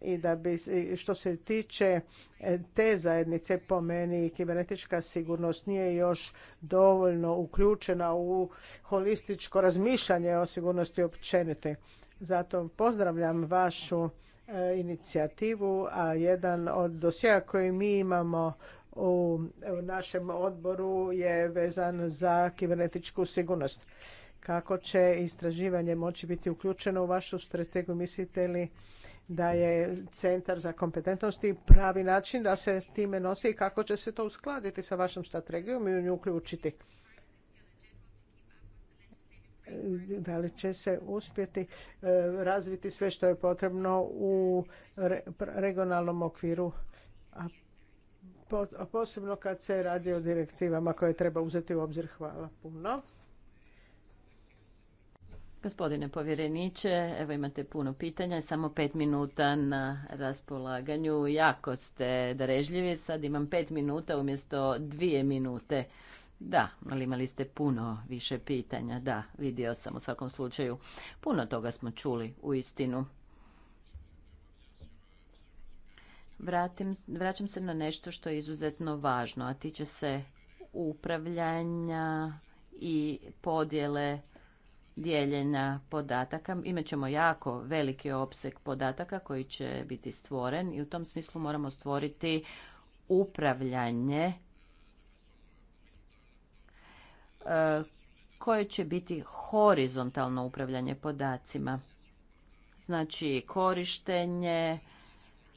B: i da bi što se tiče e, te zajednice po meni kibernetička sigurnost nije još dovoljno uključena u holističko razmišljanje o sigurnosti općenite. Zato pozdravljam vašu e, inicijativu, a jedan od dosjea koji mi imamo u našem odboru je vezan za kibernetičku sigurnost. Kako će istraživanje moći biti uključeno u vašu strategiju? Mislite li da je centar za kompetentnosti pravi način da se time nosi i kako će se to uskladiti sa vašom strategijom i u nju uključiti. Da li će se uspjeti e, razviti sve što je potrebno u regionalnom okviru, a posebno kad se radi o direktivama koje treba
C: uzeti u obzir. Hvala puno. Gospodine povjereniče, evo imate puno pitanja, samo pet minuta na raspolaganju. Jako ste darežljivi, sad imam pet minuta umjesto dvije minute. Da, ali imali ste puno više pitanja, da, vidio sam u svakom slučaju. Puno toga smo čuli u istinu. vraćam se na nešto što je izuzetno važno, a tiče se upravljanja i podjele dijeljenja podataka. ćemo jako veliki opseg podataka koji će biti stvoren i u tom smislu moramo stvoriti upravljanje e, koje će biti horizontalno upravljanje podacima. Znači korištenje,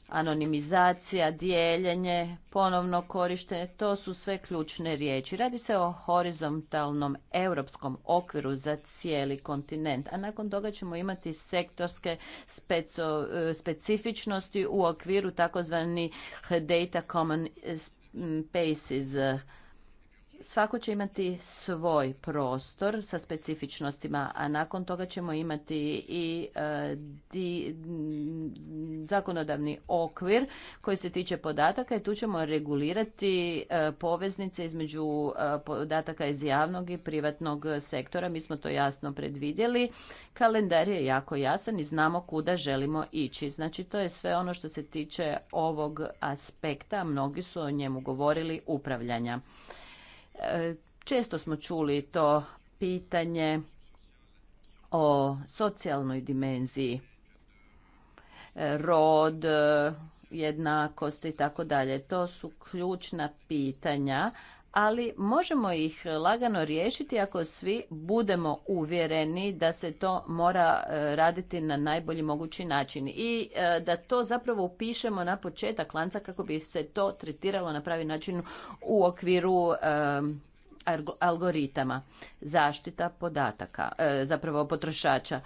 C: anonimizacija, dijeljenje, ponovno korištenje, to su sve ključne riječi. Radi se o horizontalnom europskom okviru za cijeli kontinent, a nakon toga ćemo imati sektorske e, specifičnosti u okviru takozvani data common spaces Svako će imati svoj prostor sa specifičnostima, a nakon toga ćemo imati i e, di, zakonodavni okvir koji se tiče podataka i tu ćemo regulirati e, poveznice između e, podataka iz javnog i privatnog sektora. Mi smo to jasno predvidjeli. Kalendar je jako jasan i znamo kuda želimo ići. Znači to je sve ono što se tiče ovog aspekta. Mnogi su o njemu govorili upravljanja. Često smo čuli to pitanje o socijalnoj dimenziji, rod, jednakost i tako dalje. To su ključna pitanja ali možemo ih lagano riješiti ako svi budemo uvjereni da se to mora e, raditi na najbolji mogući način i e, da to zapravo upišemo na početak lanca kako bi se to tretiralo na pravi način u okviru e, algoritama zaštita podataka zapravo potrošača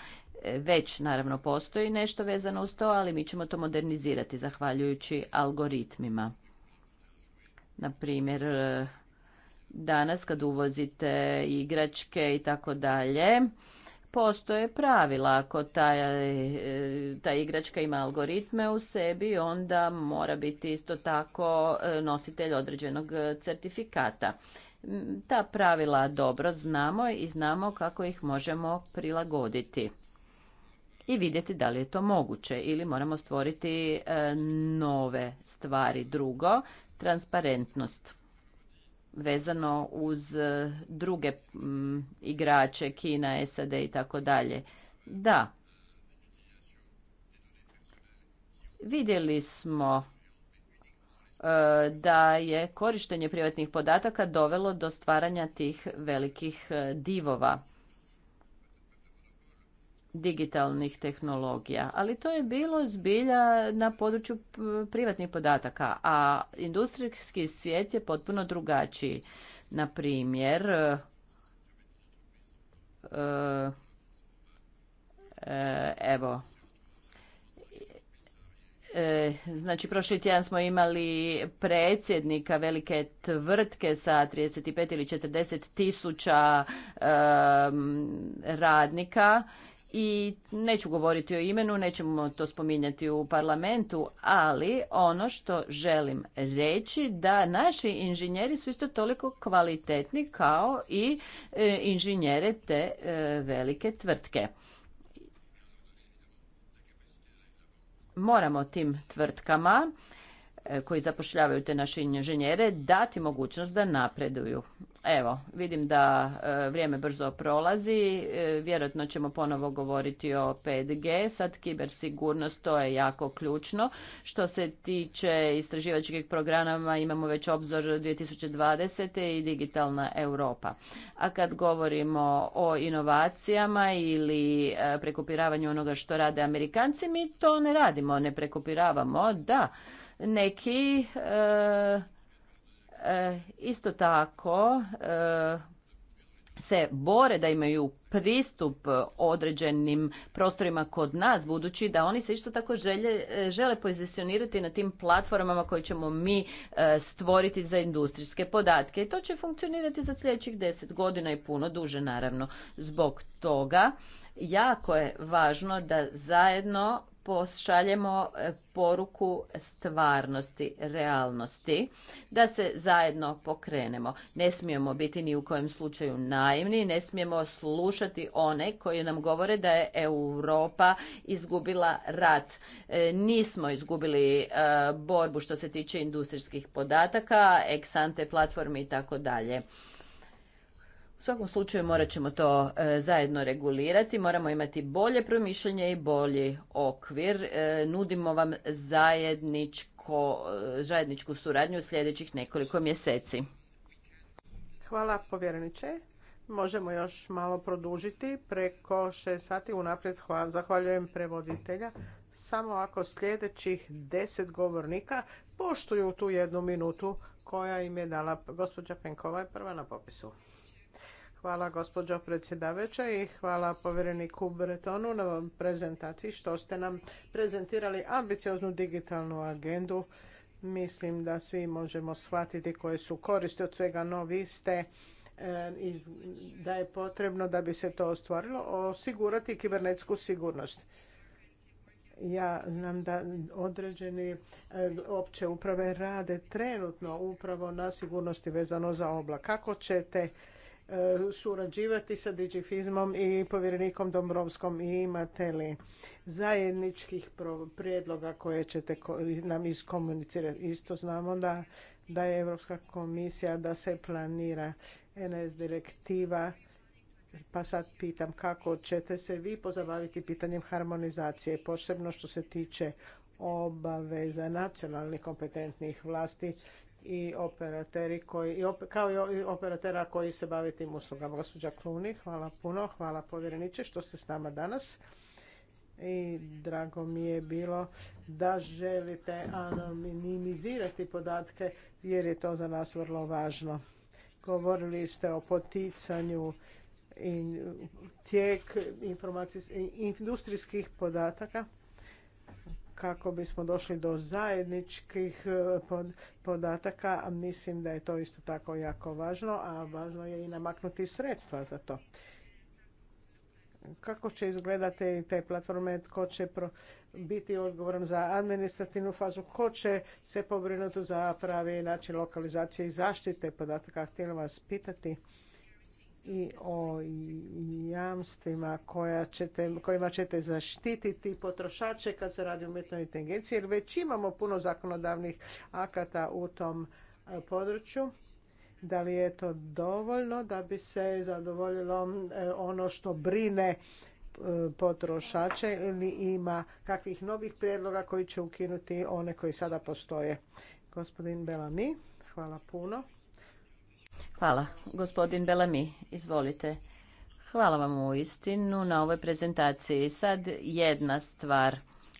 C: već naravno postoji nešto vezano uz to, ali mi ćemo to modernizirati zahvaljujući algoritmima. Na primjer, Danas kad uvozite igračke i tako dalje, postoje pravila. Ako ta, e, ta igračka ima algoritme u sebi, onda mora biti isto tako e, nositelj određenog certifikata. Ta pravila dobro znamo i znamo kako ih možemo prilagoditi i vidjeti da li je to moguće ili moramo stvoriti e, nove stvari. Drugo, transparentnost vezano uz e, druge igrače, Kina, SAD i tako dalje. Da, vidjeli smo e, da je korištenje privatnih podataka dovelo do stvaranja tih velikih e, divova digitalnih tehnologija, ali to je bilo zbilja na području privatnih podataka, a industrijski svijet je potpuno drugačiji. Na primjer, e, e, evo, e, Znači, prošli tjedan smo imali predsjednika velike tvrtke sa 35 ili 40 tisuća radnika i neću govoriti o imenu, nećemo to spominjati u parlamentu, ali ono što želim reći da naši inženjeri su isto toliko kvalitetni kao i e, inženjere te e, velike tvrtke. Moramo tim tvrtkama E, koji zapošljavaju te naše inženjere dati mogućnost da napreduju. Evo, vidim da e, vrijeme brzo prolazi, e, vjerojatno ćemo ponovo govoriti o 5G, sad kibersigurnost, to je jako ključno. Što se tiče istraživačkih programa, imamo već obzor 2020. i digitalna Europa. A kad govorimo o inovacijama ili prekopiravanju onoga što rade Amerikanci, mi to ne radimo, ne prekopiravamo, da, neki e, e, isto tako e, se bore da imaju pristup određenim prostorima kod nas, budući da oni se isto tako žele pozicionirati na tim platformama koje ćemo mi stvoriti za industrijske podatke. I to će funkcionirati za sljedećih deset godina i puno duže, naravno. Zbog toga jako je važno da zajedno pošaljemo e, poruku stvarnosti, realnosti, da se zajedno pokrenemo. Ne smijemo biti ni u kojem slučaju naivni, ne smijemo slušati one koji nam govore da je Europa izgubila rat. E, nismo izgubili e, borbu što se tiče industrijskih podataka, eksante platformi i tako dalje. U svakom slučaju morat ćemo to e, zajedno regulirati, moramo imati bolje promišljanje i bolji okvir. E, nudimo vam e, zajedničku suradnju u sljedećih nekoliko mjeseci.
B: Hvala povjereniče. Možemo još malo produžiti preko šest sati. Unaprijed zahvaljujem prevoditelja. Samo ako sljedećih deset govornika poštuju tu jednu minutu koja im je dala gospođa Penkova je prva na popisu. Hvala gospođo predsjedavajuća i hvala povjereniku Bretonu na prezentaciji što ste nam prezentirali ambicioznu digitalnu agendu. Mislim da svi možemo shvatiti koje su koristi od svega, noviste e, i da je potrebno da bi se to ostvarilo osigurati kibernetsku sigurnost. Ja znam da određeni e, opće uprave rade trenutno upravo na sigurnosti vezano za oblak. Kako ćete surađivati sa Digifizmom i povjerenikom Dombrovskom i imate li zajedničkih prijedloga koje ćete nam iskomunicirati. Isto znamo da, da je Europska komisija da se planira NS direktiva pa sad pitam kako ćete se vi pozabaviti pitanjem harmonizacije, posebno što se tiče obaveza nacionalnih kompetentnih vlasti i operateri koji, kao i operatera koji se bave tim uslugama. Gospođa Kluni, hvala puno, hvala povjereniče što ste s nama danas i drago mi je bilo da želite anonimizirati podatke jer je to za nas vrlo važno. Govorili ste o poticanju tijek industrijskih podataka kako bismo došli do zajedničkih e, podataka, a mislim da je to isto tako jako važno, a važno je i namaknuti sredstva za to. Kako će izgledati te platforme, tko će biti odgovoran za administrativnu fazu, tko će se pobrinuti za pravi način lokalizacije i zaštite podataka. Htjela vas pitati i o jamstvima koja ćete, kojima ćete zaštititi potrošače kad se radi o umjetnoj inteligenciji jer već imamo puno zakonodavnih akata u tom e, području. Da li je to dovoljno da bi se zadovoljilo e, ono što brine e, potrošače ili ima kakvih novih prijedloga koji će ukinuti one koji sada postoje?
C: Gospodin Belami, hvala puno. Hvala. Gospodin Belami, izvolite. Hvala vam u istinu na ovoj prezentaciji. Sad jedna stvar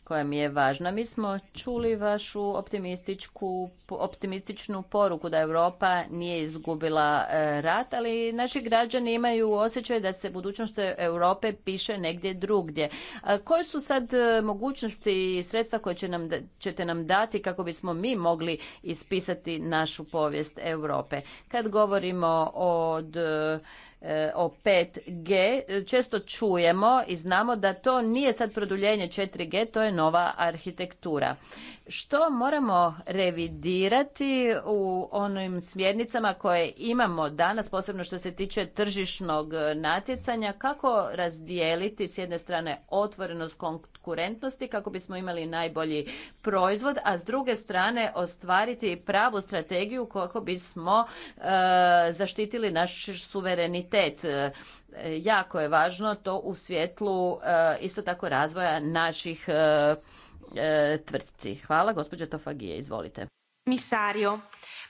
C: koja mi je važna. Mi smo čuli vašu optimističku, optimističnu poruku da Europa nije izgubila e, rat, ali naši građani imaju osjećaj da se budućnost Europe piše negdje drugdje. E, koje su sad e, mogućnosti i sredstva koje će nam, ćete nam dati kako bismo mi mogli ispisati našu povijest Europe? Kad govorimo od E, o 5G, često čujemo i znamo da to nije sad produljenje 4G, to je nova arhitektura što moramo revidirati u onim smjernicama koje imamo danas, posebno što se tiče tržišnog natjecanja, kako razdijeliti s jedne strane otvorenost konkurentnosti kako bismo imali najbolji proizvod, a s druge strane ostvariti pravu strategiju kako bismo e, zaštitili naš suverenitet. E, jako je važno to u svjetlu e, isto tako razvoja naših E, tvrtci. Hvala, gospođa Tofagije, izvolite. misario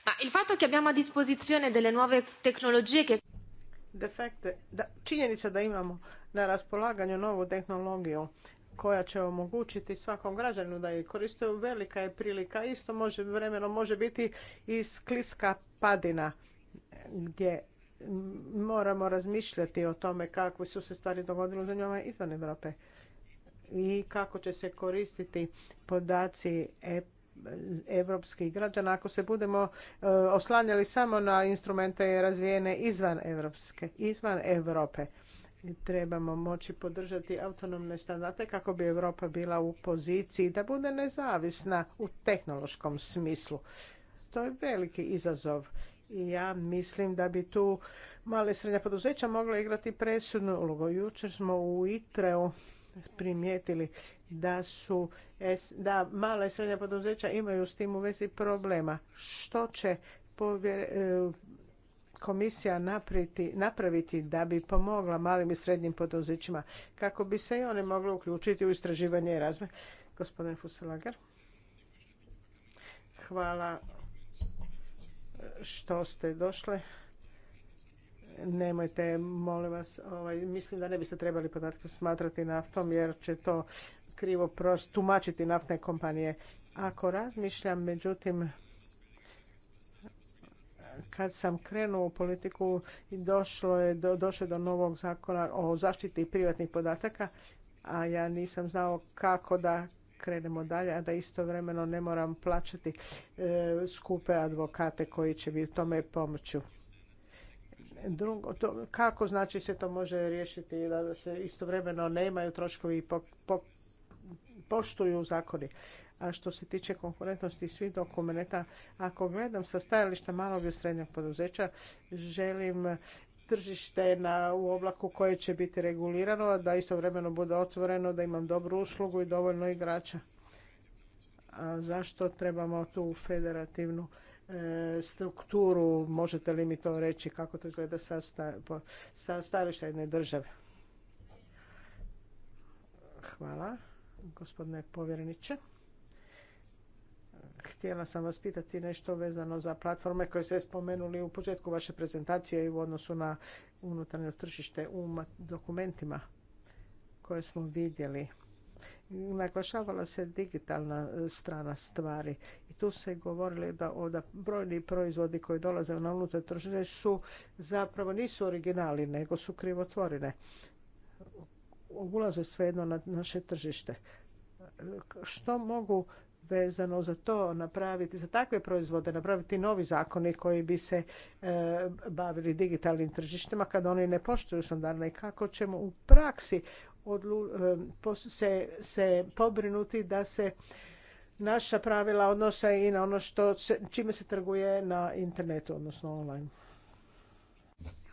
C: ma il fatto che abbiamo a disposizione delle nuove tecnologie che...
B: Defekte, činjenica da imamo na raspolaganju novu tehnologiju koja će omogućiti svakom građaninu da je koriste velika je prilika. Isto može, vremeno može biti i skliska padina gdje moramo razmišljati o tome kakve su se stvari dogodile u zemljama izvan Europe i kako će se koristiti podaci europskih građana ako se budemo e, oslanjali samo na instrumente razvijene izvan Evropske, izvan Europe. Trebamo moći podržati autonomne standarde kako bi Europa bila u poziciji da bude nezavisna u tehnološkom smislu. To je veliki izazov i ja mislim da bi tu male i srednja poduzeća mogla igrati presudnu ulogu. Jučer smo u itreu primijetili da su da mala i srednja poduzeća imaju s tim u vezi problema. Što će e, komisija napriti, napraviti da bi pomogla malim i srednjim poduzećima kako bi se i one mogle uključiti u istraživanje i razvoj? Gospodin Fuselager. Hvala što ste došli nemojte, molim vas, ovaj, mislim da ne biste trebali podatke smatrati naftom jer će to krivo tumačiti naftne kompanije. Ako razmišljam, međutim, kad sam krenuo u politiku došlo je do, došlo do novog zakona o zaštiti privatnih podataka, a ja nisam znao kako da krenemo dalje, a da istovremeno ne moram plaćati e, skupe advokate koji će mi u tome pomoći. Drugo, to, kako znači se to može riješiti da se istovremeno nemaju troškovi i poštuju zakoni? A što se tiče konkurentnosti svih dokumenta, ako gledam sa stajališta malog i srednjeg poduzeća, želim tržište na, u oblaku koje će biti regulirano, da istovremeno bude otvoreno, da imam dobru uslugu i dovoljno igrača. A zašto trebamo tu federativnu E, strukturu, možete li mi to reći kako to izgleda sa, jedne države? Hvala, gospodine povjereniče. Htjela sam vas pitati nešto vezano za platforme koje ste spomenuli u početku vaše prezentacije i u odnosu na unutarnje tržište u dokumentima koje smo vidjeli naglašavala se digitalna e, strana stvari i tu se govorili da brojni proizvodi koji dolaze na unutar tržine su zapravo nisu originali nego su krivotvorene ulaze svejedno na naše tržište što mogu vezano za to napraviti, za takve proizvode napraviti novi zakoni koji bi se e, bavili digitalnim tržištima kad oni ne poštuju standarde i kako ćemo u praksi odlu, se, se pobrinuti da se naša pravila odnose i na ono što, čime se trguje na internetu, odnosno online.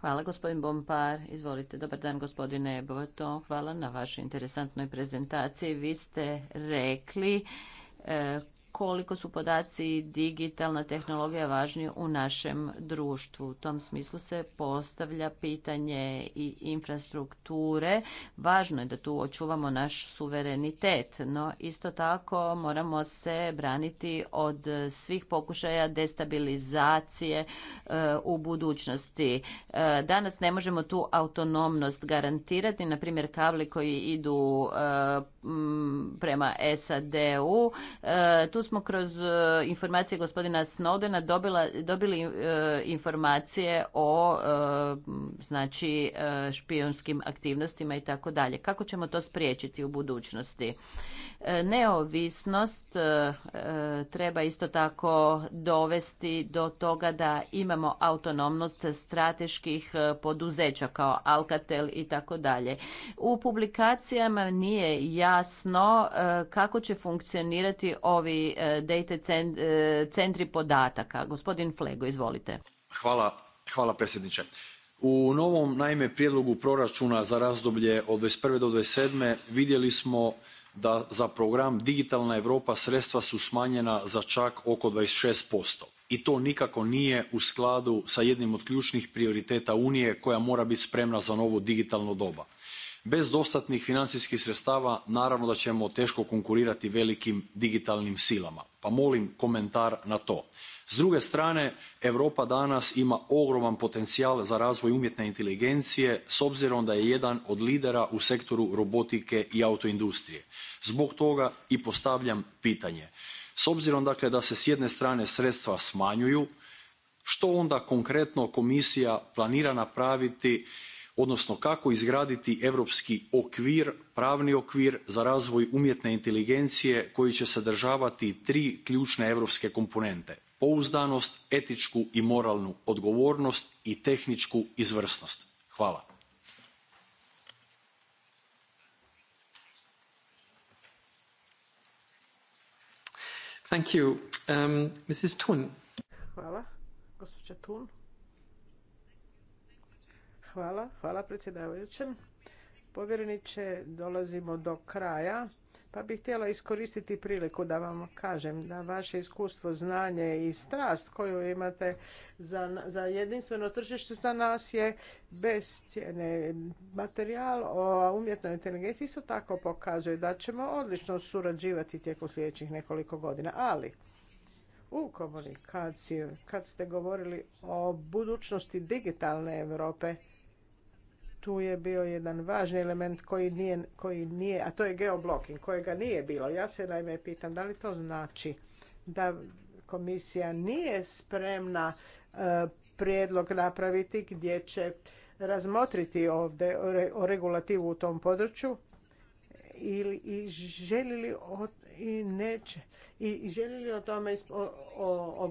C: Hvala gospodin Bompar. Izvolite. Dobar dan gospodine Boto, Hvala na vašoj interesantnoj prezentaciji. Vi ste rekli eh, koliko su podaci i digitalna tehnologija važni u našem društvu. U tom smislu se postavlja pitanje i infrastrukture. Važno je da tu očuvamo naš suverenitet, no isto tako moramo se braniti od svih pokušaja destabilizacije e, u budućnosti. E, danas ne možemo tu autonomnost garantirati, na primjer kabli koji idu e, prema SAD-u. Tu smo kroz e, informacije gospodina Snowdena dobila, dobili e, informacije o e, znači špijonskim aktivnostima i tako dalje. Kako ćemo to spriječiti u budućnosti? Neovisnost treba isto tako dovesti do toga da imamo autonomnost strateških poduzeća kao Alcatel i tako dalje. U publikacijama nije jasno kako će funkcionirati ovi Eh, data eh, centri podataka. Gospodin Flego, izvolite.
D: Hvala, hvala predsjedniče. U novom naime prijedlogu proračuna za razdoblje od 21. do 27. vidjeli smo da za program Digitalna Europa sredstva su smanjena za čak oko 26%. I to nikako nije u skladu sa jednim od ključnih prioriteta Unije koja mora biti spremna za novu digitalno doba bez dostatnih financijskih sredstava naravno da ćemo teško konkurirati velikim digitalnim silama pa molim komentar na to. s druge strane europa danas ima ogroman potencijal za razvoj umjetne inteligencije s obzirom da je jedan od lidera u sektoru robotike i autoindustrije. zbog toga i postavljam pitanje s obzirom dakle da se s jedne strane sredstva smanjuju što onda konkretno komisija planira napraviti odnosno kako izgraditi europski okvir pravni okvir za razvoj umjetne inteligencije koji će sadržavati tri ključne europske komponente pouzdanost etičku i moralnu odgovornost i tehničku izvrsnost. hvala. Um,
B: Hvala, hvala predsjedavajućem. Povjereniče, dolazimo do kraja, pa bih htjela iskoristiti priliku da vam kažem da vaše iskustvo, znanje i strast koju imate za, jedinstveno tržište za nas je bez cijene. Materijal o umjetnoj inteligenciji isto tako pokazuje da ćemo odlično surađivati tijekom sljedećih nekoliko godina, ali u komunikaciji, kad ste govorili o budućnosti digitalne Europe, tu je bio jedan važni element koji nije, koji nije a to je geoblocking, kojega nije bilo. Ja se naime pitam da li to znači da komisija nije spremna e, prijedlog napraviti gdje će razmotriti ovdje o regulativu u tom području ili i željeli o, i neće i željeli o tome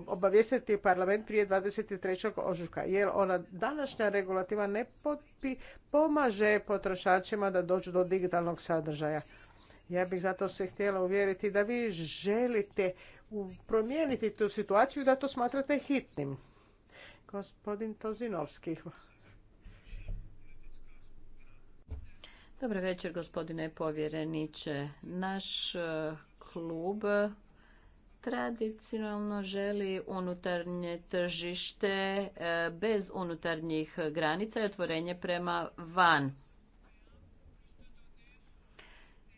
B: obavijestiti parlament prije 23. ožujka jer ona današnja regulativa ne potpi, pomaže potrošačima da dođu do digitalnog sadržaja. Ja bih zato se htjela uvjeriti da vi želite promijeniti tu situaciju i da to smatrate hitnim.
C: Gospodin Tozinovski, Dobar večer, gospodine povjereniče. Naš eh, klub tradicionalno želi unutarnje tržište eh, bez unutarnjih granica i otvorenje prema van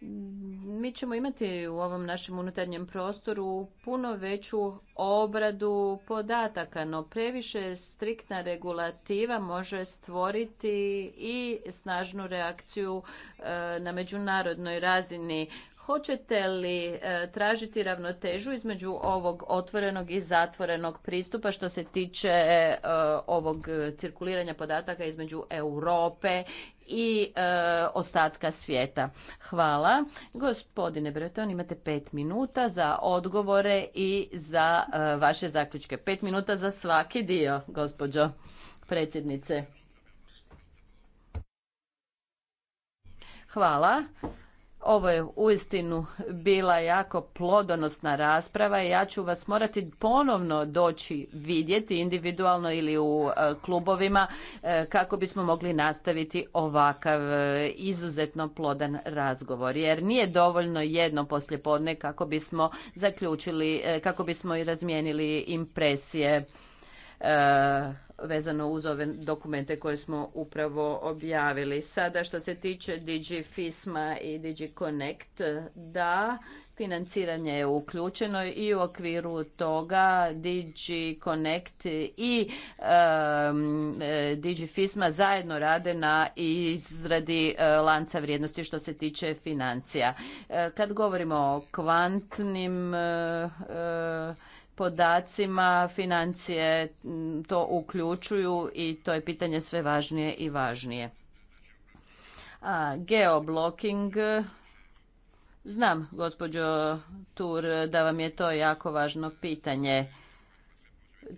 C: Mm, mi ćemo imati u ovom našem unutarnjem prostoru puno veću obradu podataka, no previše striktna regulativa može stvoriti i snažnu reakciju e, na međunarodnoj razini. Hoćete li e, tražiti ravnotežu između ovog otvorenog i zatvorenog pristupa što se tiče e, ovog cirkuliranja podataka između Europe i e, ostatka svijeta. Hvala. Gospodine Breton, imate pet minuta za odgovore i za e, vaše zaključke. Pet minuta za svaki dio, gospođo predsjednice. Hvala. Ovo je uistinu bila jako plodonosna rasprava i ja ću vas morati ponovno doći vidjeti individualno ili u e, klubovima e, kako bismo mogli nastaviti ovakav e, izuzetno plodan razgovor. Jer nije dovoljno jedno poslijepodne kako bismo zaključili, kako bismo i razmijenili impresije vezano uz ove dokumente koje smo upravo objavili. Sada što se tiče DigiFisma i DigiConnect, da, financiranje je uključeno i u okviru toga DigiConnect i digi DigiFisma zajedno rade na izradi e, lanca vrijednosti što se tiče financija. E, kad govorimo o kvantnim e, podacima, financije to uključuju i to je pitanje sve važnije i važnije. A geoblocking, znam gospođo Tur da vam je to jako važno pitanje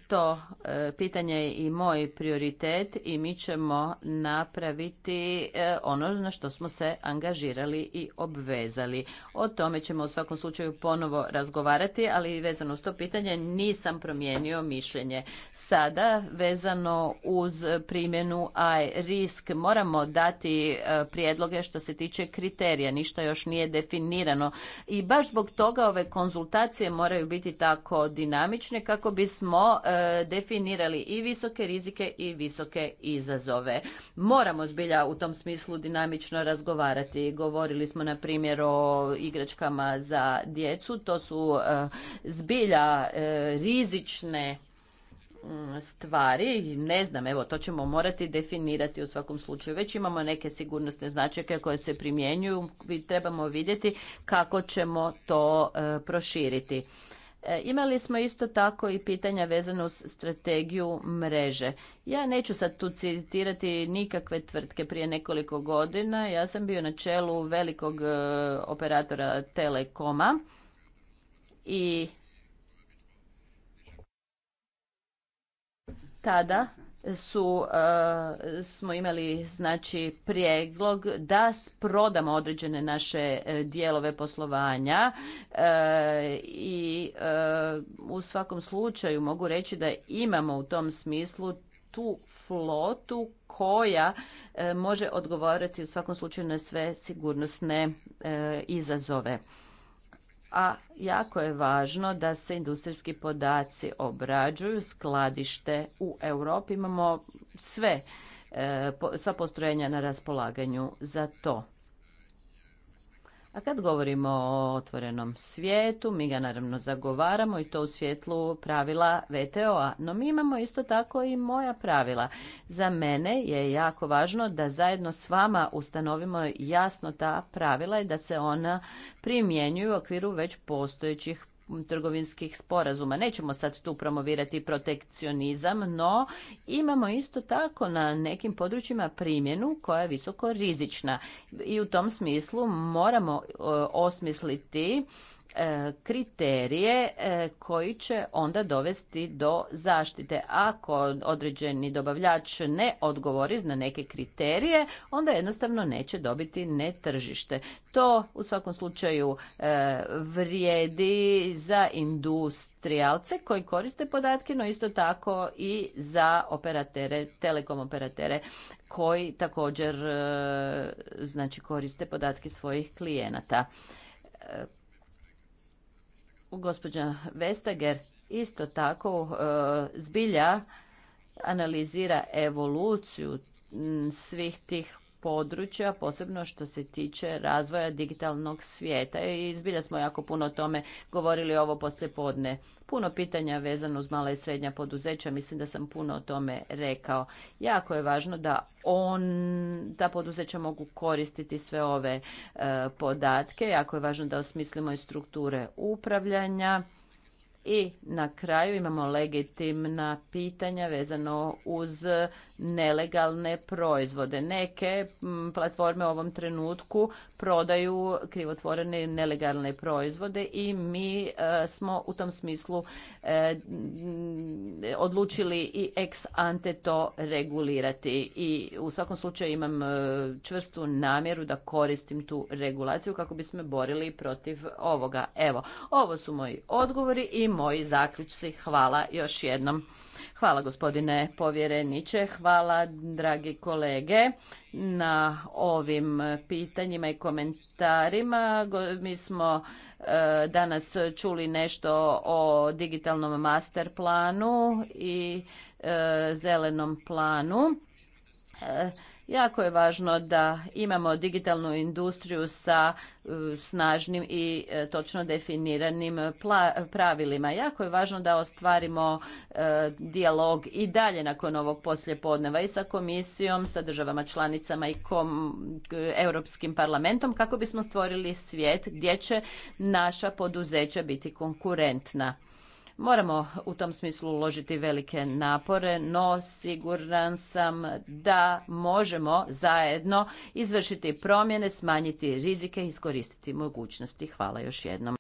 C: to e, pitanje je i moj prioritet i mi ćemo napraviti e, ono na što smo se angažirali i obvezali. O tome ćemo u svakom slučaju ponovo razgovarati, ali vezano s to pitanje nisam promijenio mišljenje. Sada vezano uz primjenu AI risk moramo dati e, prijedloge što se tiče kriterija, ništa još nije definirano i baš zbog toga ove konzultacije moraju biti tako dinamične kako bismo E, definirali i visoke rizike i visoke izazove. Moramo zbilja u tom smislu dinamično razgovarati. Govorili smo na primjer o igračkama za djecu. To su e, zbilja e, rizične mm, stvari, ne znam, evo to ćemo morati definirati u svakom slučaju. Već imamo neke sigurnosne značajke koje se primjenjuju i trebamo vidjeti kako ćemo to proširiti. E, imali smo isto tako i pitanja vezano uz strategiju mreže. Ja neću sad tu citirati nikakve tvrtke prije nekoliko godina. Ja sam bio na čelu velikog e, operatora Telekoma i tada su eh, smo imali znači prijedlog da prodamo određene naše eh, dijelove poslovanja eh, i u svakom slučaju mogu reći da imamo u tom smislu tu flotu koja može odgovoriti u svakom slučaju na sve sigurnosne izazove a jako je važno da se industrijski podaci obrađuju, skladište u Europi imamo sve e, sva postrojenja na raspolaganju za to. A kad govorimo o otvorenom svijetu, mi ga naravno zagovaramo i to u svjetlu pravila VTO-a. No mi imamo isto tako i moja pravila. Za mene je jako važno da zajedno s vama ustanovimo jasno ta pravila i da se ona primjenjuju u okviru već postojećih trgovinskih sporazuma. Nećemo sad tu promovirati protekcionizam, no imamo isto tako na nekim područjima primjenu koja je visoko rizična. I u tom smislu moramo e, osmisliti E, kriterije e, koji će onda dovesti do zaštite. Ako određeni dobavljač ne odgovori na neke kriterije, onda jednostavno neće dobiti ne To u svakom slučaju e, vrijedi za industrijalce koji koriste podatke, no isto tako i za operatere, telekom operatere koji također znači koriste podatke svojih klijenata gospođa Vestager isto tako e, zbilja analizira evoluciju svih tih područja, posebno što se tiče razvoja digitalnog svijeta. I zbilja smo jako puno o tome govorili ovo poslijepodne. Puno pitanja vezano uz mala i srednja poduzeća, mislim da sam puno o tome rekao. Jako je važno da on, da poduzeća mogu koristiti sve ove e, podatke, jako je važno da osmislimo i strukture upravljanja. I na kraju imamo legitimna pitanja vezano uz nelegalne proizvode. Neke platforme u ovom trenutku prodaju krivotvorene nelegalne proizvode i mi e, smo u tom smislu e, odlučili i ex ante to regulirati. I u svakom slučaju imam e, čvrstu namjeru da koristim tu regulaciju kako bismo borili protiv ovoga. Evo, ovo su moji odgovori i moji zaključci. Hvala još jednom. Hvala gospodine povjereniče, hvala dragi kolege na ovim pitanjima i komentarima. Mi smo e, danas čuli nešto o digitalnom master planu i e, zelenom planu. E, Jako je važno da imamo digitalnu industriju sa e, snažnim i e, točno definiranim pravilima. Jako je važno da ostvarimo e, dijalog i dalje nakon ovog poslijepodneva i sa komisijom, sa državama članicama i Europskim parlamentom kako bismo stvorili svijet gdje će naša poduzeća biti konkurentna. Moramo u tom smislu uložiti velike napore, no siguran sam da možemo zajedno izvršiti promjene, smanjiti rizike i iskoristiti mogućnosti. Hvala još jednom.